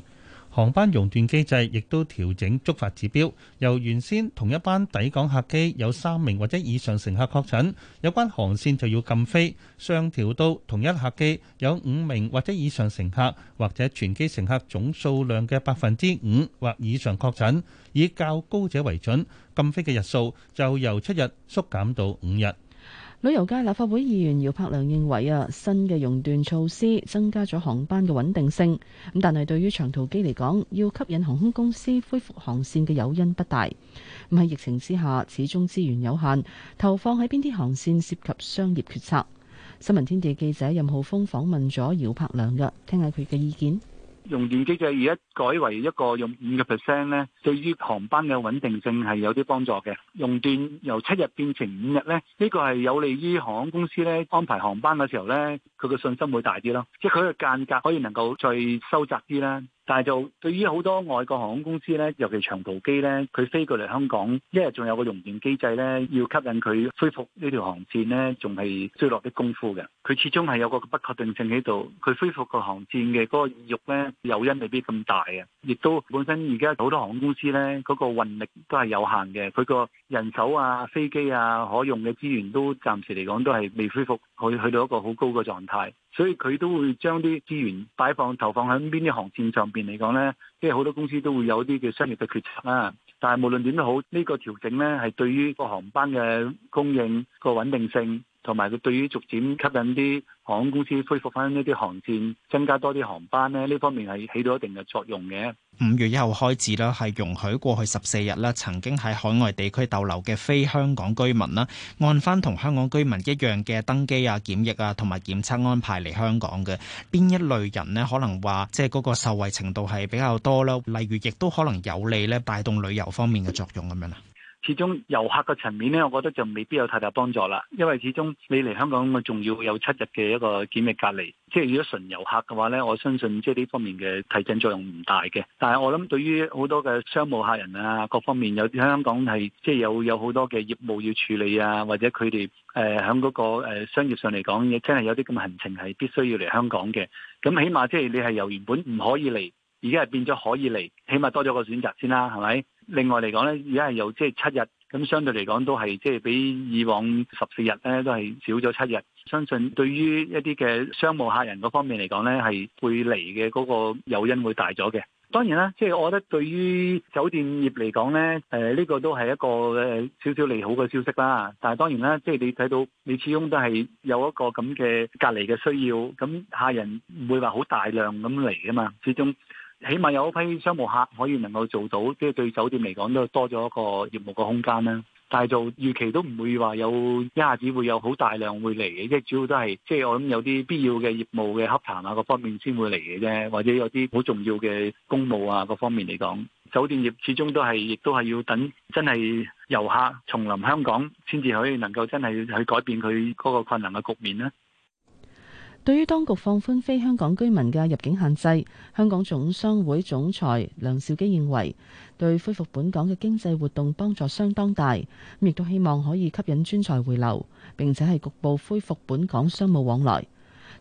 航班熔斷機制亦都調整觸發指標，由原先同一班抵港客機有三名或者以上乘客確診，有關航線就要禁飛，上調到同一客機有五名或者以上乘客，或者全機乘客總數量嘅百分之五或以上確診，以較高者為準，禁飛嘅日數就由七日縮減到五日。旅遊界立法會議員姚柏良認為啊，新嘅熔斷措施增加咗航班嘅穩定性，咁但係對於長途機嚟講，要吸引航空公司恢復航線嘅誘因不大。咁喺疫情之下，始終資源有限，投放喺邊啲航線涉及商業決策。新聞天地記者任浩峰訪問咗姚柏良嘅，聽下佢嘅意見。熔斷機制而家改為一個用五個 percent 咧，對於航班嘅穩定性係有啲幫助嘅。熔斷由七日變成五日咧，呢個係有利於航空公司咧安排航班嘅時候咧，佢嘅信心會大啲咯。即係佢嘅間隔可以能夠再收窄啲啦。但係就對於好多外國航空公司咧，尤其長途機咧，佢飛過嚟香港，一日仲有個熔斷機制咧，要吸引佢恢復呢條航線咧，仲係需要落啲功夫嘅。佢始終係有個不確定性喺度，佢恢復個航線嘅嗰個意欲咧，誘因未必咁大嘅。亦都本身而家好多航空公司咧，嗰個運力都係有限嘅，佢個人手啊、飛機啊，可用嘅資源都暫時嚟講都係未恢復去去到一個好高嘅狀態。所以佢都會將啲資源擺放、投放喺邊啲航線上邊嚟講呢？即係好多公司都會有啲嘅商業嘅決策啦。但係無論點都好，呢個調整呢係對於個航班嘅供應個穩定性，同埋佢對於逐漸吸引啲航空公司恢復翻一啲航線，增加多啲航班呢，呢方面係起到一定嘅作用嘅。五月一號開始啦，係容許過，過去十四日啦曾經喺海外地區逗留嘅非香港居民啦，按翻同香港居民一樣嘅登機啊、檢疫啊同埋檢測安排嚟香港嘅。邊一類人呢？可能話即係嗰個受惠程度係比較多咯。例如，亦都可能有利咧帶動旅遊方面嘅作用咁樣啦。始終遊客嘅層面咧，我覺得就未必有太大幫助啦，因為始終你嚟香港嘅仲要有七日嘅一個檢疫隔離，即係如果純遊客嘅話咧，我相信即係呢方面嘅提振作用唔大嘅。但係我諗對於好多嘅商務客人啊，各方面有喺香港係即係有有好多嘅業務要處理啊，或者佢哋誒喺嗰個商業上嚟講，亦真係有啲咁嘅行程係必須要嚟香港嘅。咁起碼即係你係由原本唔可以嚟，而家係變咗可以嚟，起碼多咗個選擇先啦，係咪？另外嚟講咧，而家係有即係七日，咁相對嚟講都係即係比以往十四日咧都係少咗七日。相信對於一啲嘅商務客人嗰方面嚟講咧，係會嚟嘅嗰個誘因會大咗嘅。當然啦，即係我覺得對於酒店業嚟講咧，誒呢個都係一個誒少少利好嘅消息啦。但係當然啦，即係你睇到你始終都係有一個咁嘅隔離嘅需要，咁客人唔會話好大量咁嚟㗎嘛，始終。起碼有一批商務客可以能夠做到，即係對酒店嚟講都多咗一個業務個空間啦。但係就預期都唔會話有一下子會有好大量會嚟嘅，即係主要都係即係我諗有啲必要嘅業務嘅洽談啊各方面先會嚟嘅啫，或者有啲好重要嘅公務啊各方面嚟講，酒店業始終都係亦都係要等真係遊客重臨香港先至可以能夠真係去改變佢嗰個困難嘅局面啦。對於當局放寬非香港居民嘅入境限制，香港總商會總裁梁兆基認為，對恢復本港嘅經濟活動幫助相當大，亦都希望可以吸引專才回流，並且係局部恢復本港商務往來。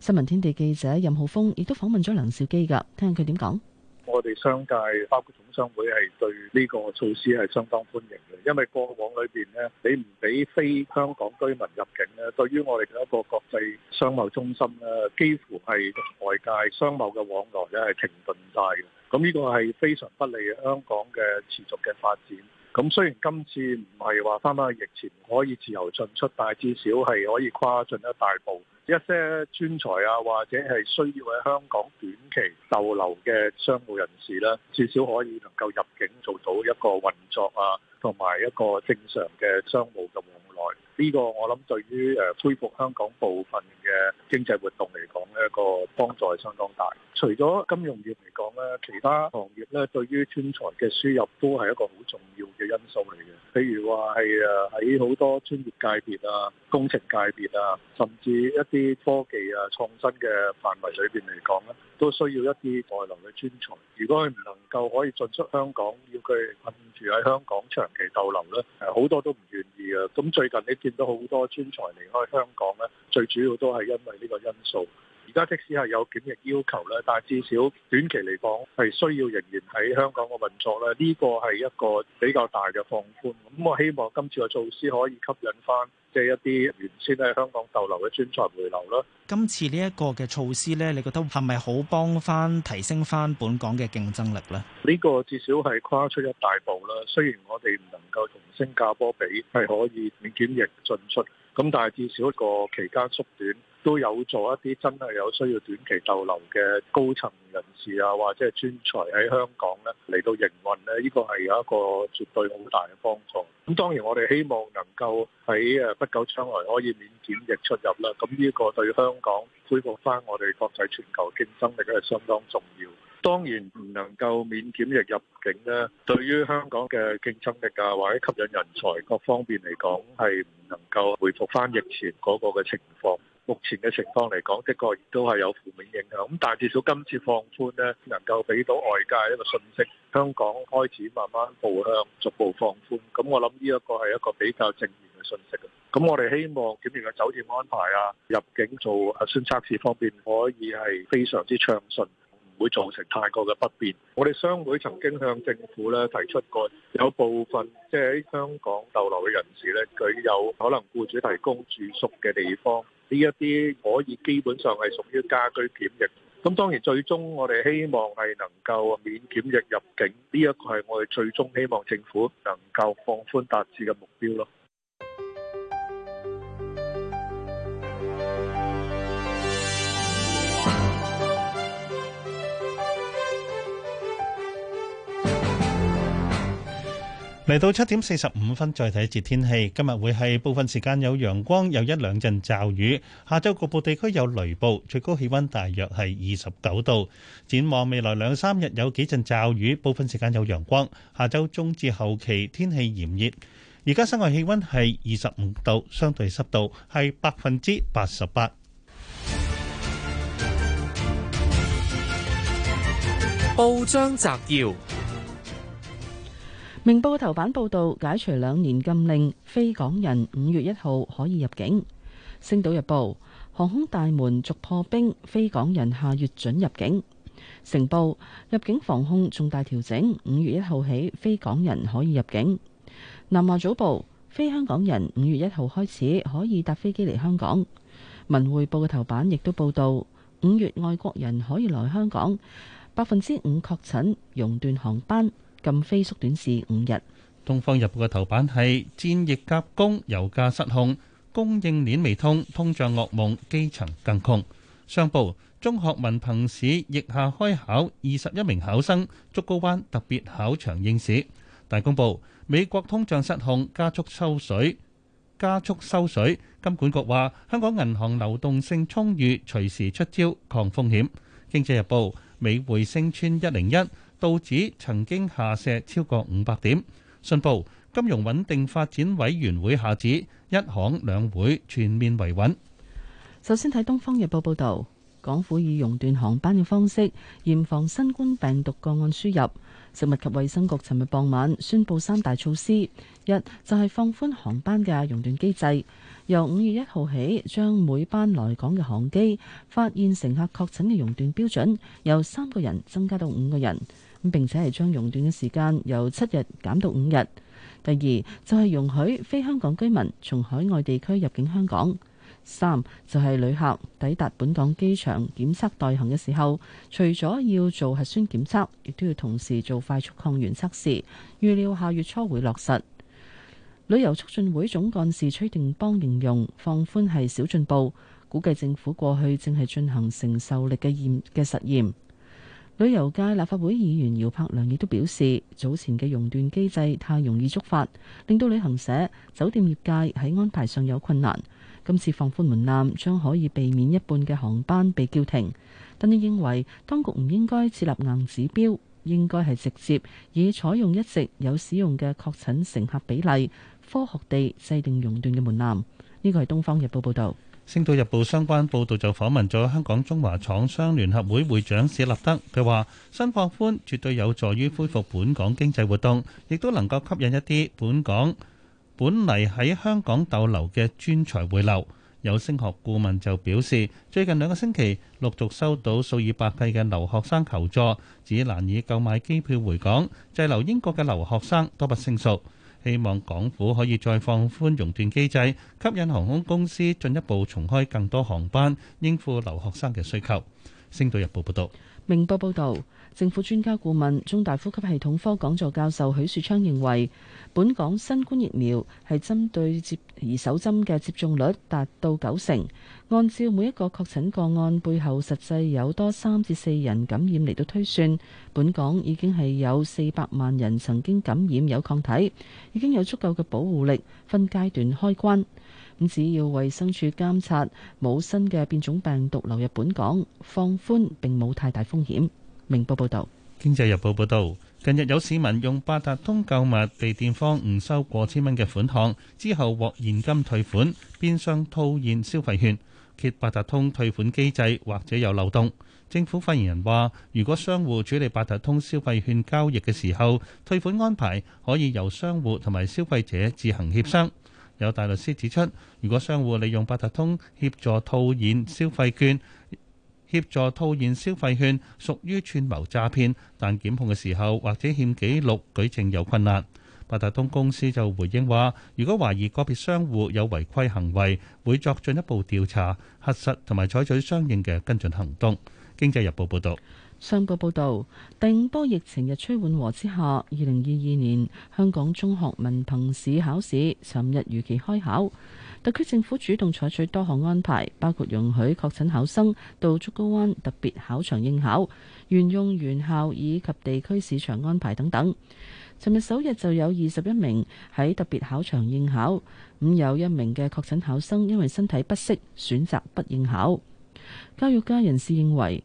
新聞天地記者任浩峰亦都訪問咗梁兆基㗎，聽下佢點講。我哋商界包括總商會係對呢個措施係相當歡迎嘅，因為過往裏邊咧，你唔俾非香港居民入境咧，對於我哋嘅一個國際商貿中心咧，幾乎係外界商貿嘅往來咧係停頓晒嘅。咁呢個係非常不利香港嘅持續嘅發展。咁雖然今次唔係話翻返去疫情可以自由進出，但係至少係可以跨進一大步。一些專才啊，或者係需要喺香港短期逗留嘅商務人士啦，至少可以能夠入境做到一個運作啊。同埋一個正常嘅商務嘅往來，呢個我諗對於誒恢復香港部分嘅經濟活動嚟講，呢個幫助係相當大。除咗金融業嚟講呢，其他行業呢，對於專才嘅輸入都係一個好重要嘅因素嚟嘅。譬如話係誒喺好多專業界別啊、工程界別啊，甚至一啲科技啊、創新嘅範圍裏面嚟講咧，都需要一啲外流嘅專才。如果佢唔能夠可以進出香港，要佢困住喺香港出。長期逗留咧，好多都唔願意啊。咁最近你見到好多專才離開香港咧，最主要都係因為呢個因素。而家即使係有檢疫要求啦，但係至少短期嚟講，係需要仍然喺香港嘅運作啦。呢個係一個比較大嘅放寬，咁，嗯，我希望今次嘅措施可以吸引翻即係一啲原先喺香港逗留嘅專才回流啦。今次呢一個嘅措施咧，你覺得係咪好幫翻提升翻本港嘅競爭力咧？呢個至少係跨出一大步啦。雖然我哋唔能夠同新加坡比，係可以免檢疫進出。咁但係至少一個期間縮短，都有做一啲真係有需要短期逗留嘅高層人士啊，或者係專才喺香港咧嚟到營運咧，依、這個係有一個絕對好大嘅幫助。咁當然我哋希望能夠喺誒不久將來可以免檢疫出入啦。咁、這、呢個對香港恢復翻我哋國際全球競爭力都係相當重要。當然唔能夠免檢疫入境呢，對於香港嘅競爭力啊，或者吸引人才各方面嚟講，係唔能夠回復翻疫情嗰個嘅情況。目前嘅情況嚟講，的確亦都係有負面影響。咁但係至少今次放寬呢，能夠俾到外界一個信息，香港開始慢慢步向逐步放寬。咁我諗呢一個係一個比較正面嘅信息啊。咁我哋希望檢疫嘅酒店安排啊，入境做核酸測試方面可以係非常之暢順。會造成太過嘅不便。我哋商會曾經向政府咧提出過，有部分即係喺香港逗留嘅人士咧，佢有可能僱主提供住宿嘅地方，呢一啲可以基本上係屬於家居檢疫。咁當然最終我哋希望係能夠免檢疫入境，呢、這、一個，係我哋最終希望政府能夠放寬達致嘅目標咯。嚟到七點四十五分，再睇一次天氣。今日會係部分時間有陽光，有一兩陣驟雨。下週局部地區有雷暴，最高氣温大約係二十九度。展望未來兩三日有幾陣驟雨，部分時間有陽光。下週中至後期天氣炎熱。而家室外氣温係二十五度，相對濕度係百分之八十八。報章摘要。明報嘅頭版報導解除兩年禁令，非港人五月一號可以入境。星島日報航空大門逐破冰，非港人下月準入境。成報入境防控重大調整，五月一號起非港人可以入境。南華早報非香港人五月一號開始可以搭飛機嚟香港。文匯報嘅頭版亦都報導五月外國人可以來香港，百分之五確診熔斷航班。禁飛縮短至五日。《東方日報》嘅頭版係：戰疫夾攻，油價失控，供應鏈未通，通脹噩夢，基層更窮。商報：中學文憑試疫下開考，二十一名考生，竹篙灣特別考場應試。大公報：美國通脹失控，加速收水。加速收水。金管局話：香港銀行流動性充裕，隨時出招抗風險。《經濟日報》：美匯升穿一零一。道指曾經下瀉超過五百點。信報，金融穩定發展委員會下指一行兩會全面維穩。首先睇《東方日報》報導，港府以熔斷航班嘅方式嚴防新冠病毒個案輸入。食物及衛生局尋日傍晚宣布三大措施，一就係放寬航班嘅熔斷機制，由五月一號起將每班來港嘅航機發現乘客確診嘅熔斷標準由三個人增加到五個人。咁並且係將熔斷嘅時間由七日減到五日。第二就係容許非香港居民從海外地區入境香港。三就係旅客抵達本港機場檢測待行嘅時候，除咗要做核酸檢測，亦都要同時做快速抗原測試。預料下月初會落實。旅遊促進會總幹事崔定邦形容放寬係小進步，估計政府過去正係進行承受力嘅驗嘅實驗。旅遊界立法會議員姚柏良亦都表示，早前嘅熔斷機制太容易觸發，令到旅行社、酒店業界喺安排上有困難。今次放寬門檻，將可以避免一半嘅航班被叫停。但佢認為，當局唔應該設立硬指標，應該係直接以採用一直有使用嘅確診乘客比例，科學地制定熔斷嘅門檻。呢個係《東方日報》報導。星島日報相關報導就訪問咗香港中華廠商聯合會會長史立德，佢話：新放寬絕對有助於恢復本港經濟活動，亦都能夠吸引一啲本港本嚟喺香港逗留嘅專才回流。有升學顧問就表示，最近兩個星期陸續收到數以百計嘅留學生求助，指難以購買機票回港，滯留英國嘅留學生多不勝數。希望港府可以再放寬熔斷機制，吸引航空公司進一步重開更多航班，應付留學生嘅需求。星島日報報道。明報報道，政府專家顧問、中大呼吸系統科講座教授許樹昌認為，本港新冠疫苗係針對接二手針嘅接種率達到九成。按照每一個確診個案，背後實際有多三至四人感染嚟，到推算，本港已經係有四百萬人曾經感染有抗體，已經有足夠嘅保護力，分階段開關。咁只要衛生署監察冇新嘅變種病毒流入本港，放寬並冇太大風險。明報報導，《經濟日報》報導，近日有市民用八達通購物被店方誤收過千蚊嘅款項，之後獲現金退款，變相套現消費券，揭八達通退款機制或者有漏洞。政府發言人話，如果商戶處理八達通消費券交易嘅時候，退款安排可以由商戶同埋消費者自行協商。有大律師指出，如果商戶利用八達通協助套現消費券，協助套現消費券屬於串謀詐騙，但檢控嘅時候或者欠記錄舉證有困難。八達通公司就回應話，如果懷疑個別商戶有違規行為，會作進一步調查核實，同埋採取相應嘅跟進行動。經濟日報報導。商報報導，第五波疫情日趨緩和之下，二零二二年香港中學文憑試考試尋日如期開考。特區政府主動採取多項安排，包括容許確診考生到竹篙灣特別考場應考，沿用原校以及地區市場安排等等。尋日首日就有二十一名喺特別考場應考，咁有一名嘅確診考生因為身體不適，選擇不應考。教育界人士認為，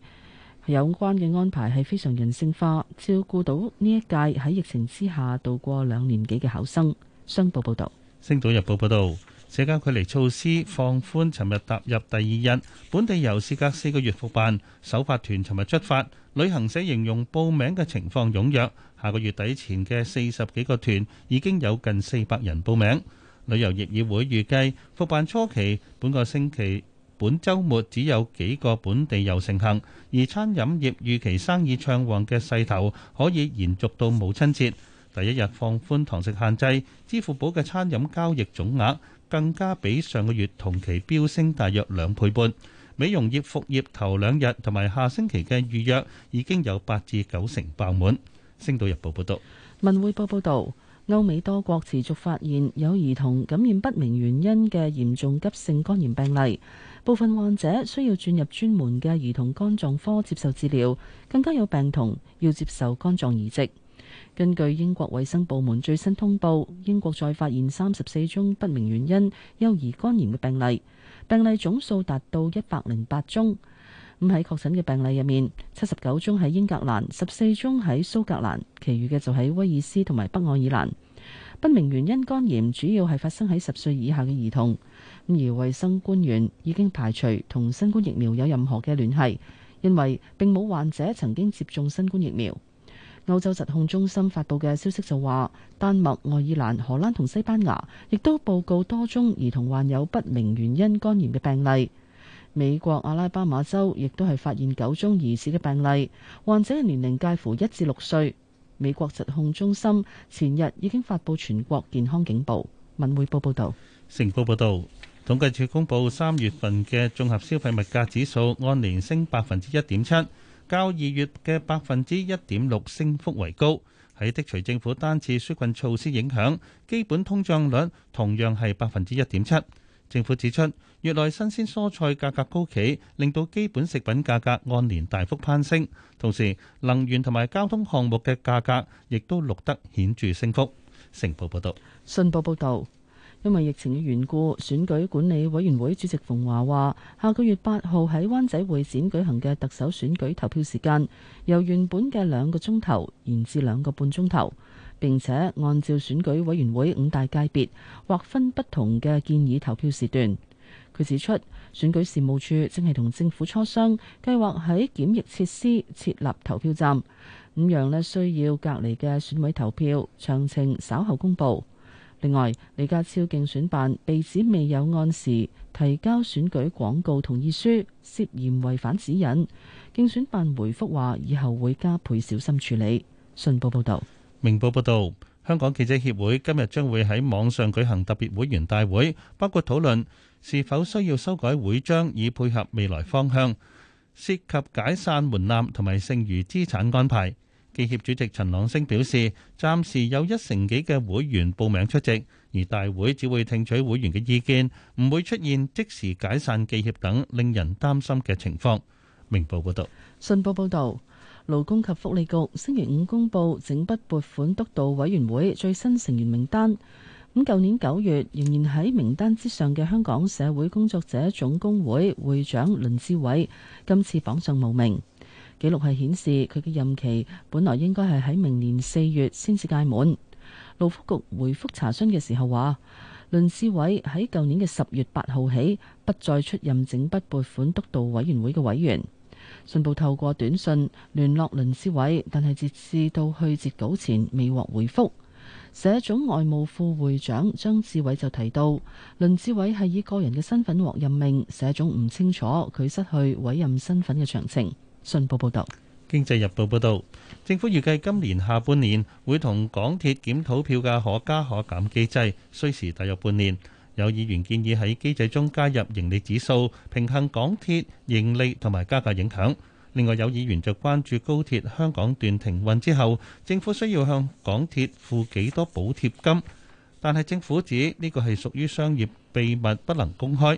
有關嘅安排係非常人性化，照顧到呢一屆喺疫情之下度過兩年幾嘅考生。商報報導，星島日報報道，社交距離措施放寬，尋日踏入第二日，本地遊事隔四個月復辦首發團。尋日出發，旅行社形容報名嘅情況踴躍，下個月底前嘅四十幾個團已經有近四百人報名。旅遊業議會預計復辦初期，本個星期。本周末只有幾個本地遊盛行，而餐飲業預期生意暢旺嘅勢頭可以延續到母親節第一日，放寬堂食限制。支付寶嘅餐飲交易總額更加比上個月同期飆升大約兩倍半。美容業復業頭兩日同埋下星期嘅預約已經有八至九成爆滿。星島日報報道。文匯報報道，歐美多國持續發現有兒童感染不明原因嘅嚴重急性肝炎病例。部分患者需要轉入專門嘅兒童肝臟科接受治療，更加有病童要接受肝臟移植。根據英國衛生部門最新通報，英國再發現三十四宗不明原因幼兒肝炎嘅病例，病例總數達到一百零八宗。咁喺確診嘅病例入面，七十九宗喺英格蘭，十四宗喺蘇格蘭，其餘嘅就喺威爾斯同埋北愛爾蘭。不明原因肝炎主要係發生喺十歲以下嘅兒童。而衞生官員已經排除同新冠疫苗有任何嘅聯繫，因為並冇患者曾經接種新冠疫苗。歐洲疾控中心發布嘅消息就話，丹麥、愛爾蘭、荷蘭同西班牙亦都報告多宗兒童患有不明原因肝炎嘅病例。美國阿拉巴馬州亦都係發現九宗疑似嘅病例，患者嘅年齡介乎一至六歲。美國疾控中心前日已經發布全國健康警報。文匯報報導，成報報導。統計處公佈三月份嘅綜合消費物價指數按年升百分之一點七，較二月嘅百分之一點六升幅為高。喺剔除政府單次紓困措施影響，基本通脹率同樣係百分之一點七。政府指出，月內新鮮蔬菜價格高企，令到基本食品價格按年大幅攀升。同時，能源同埋交通項目嘅價格亦都錄得顯著升幅。成報報道，信報報道。因為疫情嘅緣故，選舉管理委員會主席馮驊話：下個月八號喺灣仔會展舉行嘅特首選舉投票時間，由原本嘅兩個鐘頭延至兩個半鐘頭，並且按照選舉委員會五大界別劃分不同嘅建議投票時段。佢指出，選舉事務處正係同政府磋商，計劃喺檢疫設施設立投票站。五陽咧需要隔離嘅選委，投票詳情稍後公佈。另外，李家超競選辦被指未有按時提交選舉廣告同意書，涉嫌違反指引。競選辦回覆話：以後會加倍小心處理。信報報道，明報報道，香港記者協會今日將會喺網上舉行特別會員大會，包括討論是否需要修改會章以配合未來方向，涉及解散門檻同埋剩餘資產安排。記協主席陳朗升表示，暫時有一成幾嘅會員報名出席，而大會只會聽取會員嘅意見，唔會出現即時解散記協等令人擔心嘅情況。明報報道，信報報道，勞工及福利局星期五公布整筆撥款督導委員會最新成員名單。咁舊年九月仍然喺名單之上嘅香港社會工作者總工會會長林志偉，今次榜上無名。記錄係顯示佢嘅任期本來應該係喺明年四月先至屆滿。勞福局回覆查詢嘅時候話，倫智偉喺舊年嘅十月八號起不再出任整筆撥款督導委員會嘅委員。信報透過短信聯絡倫智偉，但係截至到去截稿前未獲回覆。社總外務副會長張志偉就提到，倫智偉係以個人嘅身份獲任命，社總唔清楚佢失去委任身份嘅詳情。信報報導，《經濟日報》報導，政府預計今年下半年會同港鐵檢討票價可加可減機制，需時大約半年。有議員建議喺機制中加入盈利指數，平衡港鐵盈利同埋加價影響。另外，有議員就關注高鐵香港段停運之後，政府需要向港鐵付幾多補貼金，但係政府指呢個係屬於商業秘密，不能公開。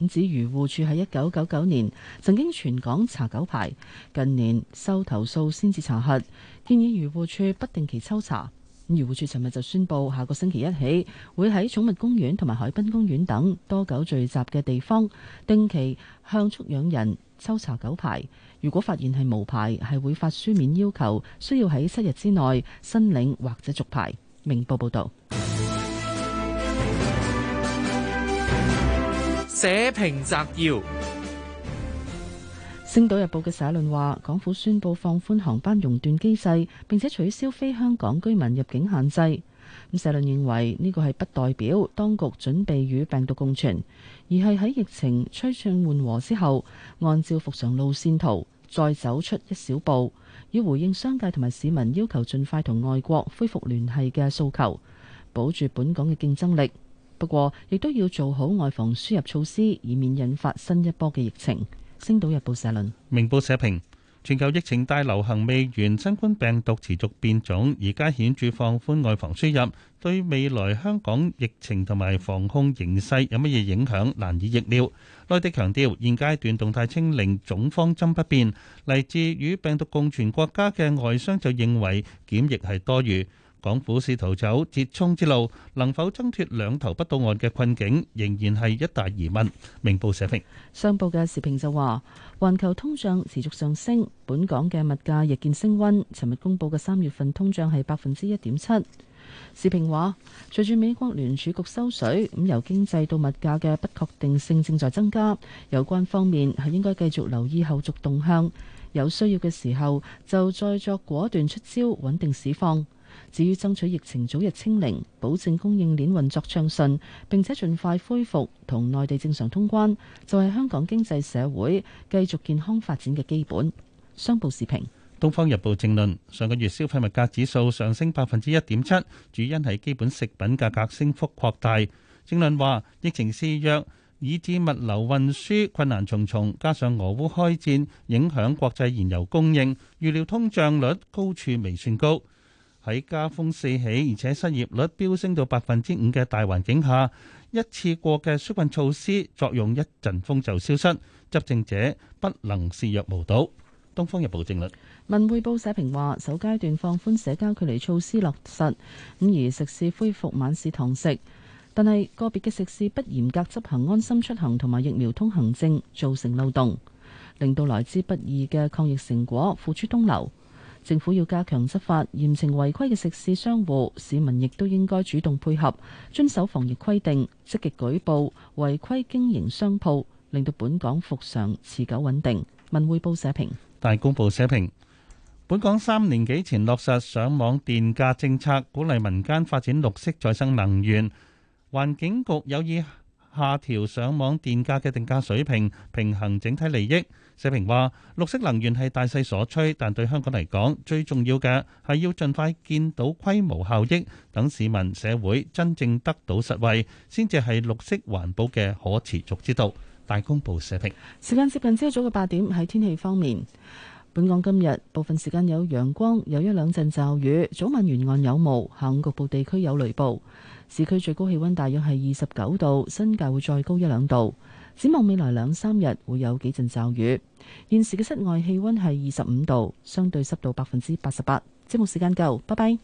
咁指漁護處喺一九九九年曾經全港查狗牌，近年收投訴先至查核，建議漁護處不定期抽查。咁漁護處尋日就宣布，下個星期一起會喺寵物公園同埋海濱公園等多狗聚集嘅地方，定期向畜養人抽查狗牌。如果發現係無牌，係會發書面要求，需要喺七日之內申領或者續牌。明報報導。社評摘要，《星島日報》嘅社論話，港府宣布放寬航班熔斷機制，並且取消非香港居民入境限制。咁社論認為呢個係不代表當局準備與病毒共存，而係喺疫情趨向緩和之後，按照復常路綫圖再走出一小步，以回應商界同埋市民要求盡快同外國恢復聯繫嘅訴求，保住本港嘅競爭力。不過，亦都要做好外防輸入措施，以免引發新一波嘅疫情。星島日報社論。明報社評，全球疫情大流行未完，新冠病毒持續變種，而家顯著放寬外防輸入，對未來香港疫情同埋防控形勢有乜嘢影響，難以預料。內地強調現階段動態清零總方針不變，嚟自與病毒共存國家嘅外商就認為檢疫係多餘。港府試圖走折衝之路，能否爭脱兩頭不到岸嘅困境，仍然係一大疑問。明報社評商報嘅時評就話：環球通脹持續上升，本港嘅物價日見升溫。尋日公佈嘅三月份通脹係百分之一點七。時評話：隨住美國聯儲局收水，咁由經濟到物價嘅不確定性正在增加，有關方面係應該繼續留意後續動向，有需要嘅時候就再作果斷出招，穩定市況。至於爭取疫情早日清零，保證供應鏈運作暢順，並且盡快恢復同內地正常通關，就係、是、香港經濟社會繼續健康發展嘅基本。商報時評，《東方日報》政論：上個月消費物價指數上升百分之一點七，主因係基本食品價格升幅擴大。政論話：疫情肆虐，以致物流運輸困難重重，加上俄烏開戰影響國際燃油供應，預料通脹率高處未算高。喺家風四起，而且失業率飆升到百分之五嘅大環境下，一次過嘅紓困措施作用一陣風就消失，執政者不能視若無睹。《東方日報》政論。文匯報社評話：首階段放寬社交距離措施落實，咁而食肆恢復晚市堂食，但係個別嘅食肆不嚴格執行安心出行同埋疫苗通行證，造成漏洞，令到來之不易嘅抗疫成果付諸東流。政府要加強執法，嚴懲違規嘅食肆商戶，市民亦都應該主動配合，遵守防疫規定，積極舉報違規經營商鋪，令到本港復常持久穩定。文匯報社評，大公報社評，本港三年幾前落實上網電價政策，鼓勵民間發展綠色再生能源，環境局有意下調上網電價嘅定價水平，平衡整體利益。社評話，綠色能源係大勢所趨，但對香港嚟講，最重要嘅係要盡快見到規模效益，等市民社會真正得到實惠，先至係綠色環保嘅可持續之道。大公報社評。時間接近朝早嘅八點，喺天氣方面，本港今日部分時間有陽光，有一兩陣驟雨，早晚沿岸有霧，下午局部地區有雷暴。市區最高氣溫大約係二十九度，新界會再高一兩度。展望未來兩三日會有幾陣驟雨。現時嘅室外氣温係二十五度，相對濕度百分之八十八。節目時間夠，拜拜。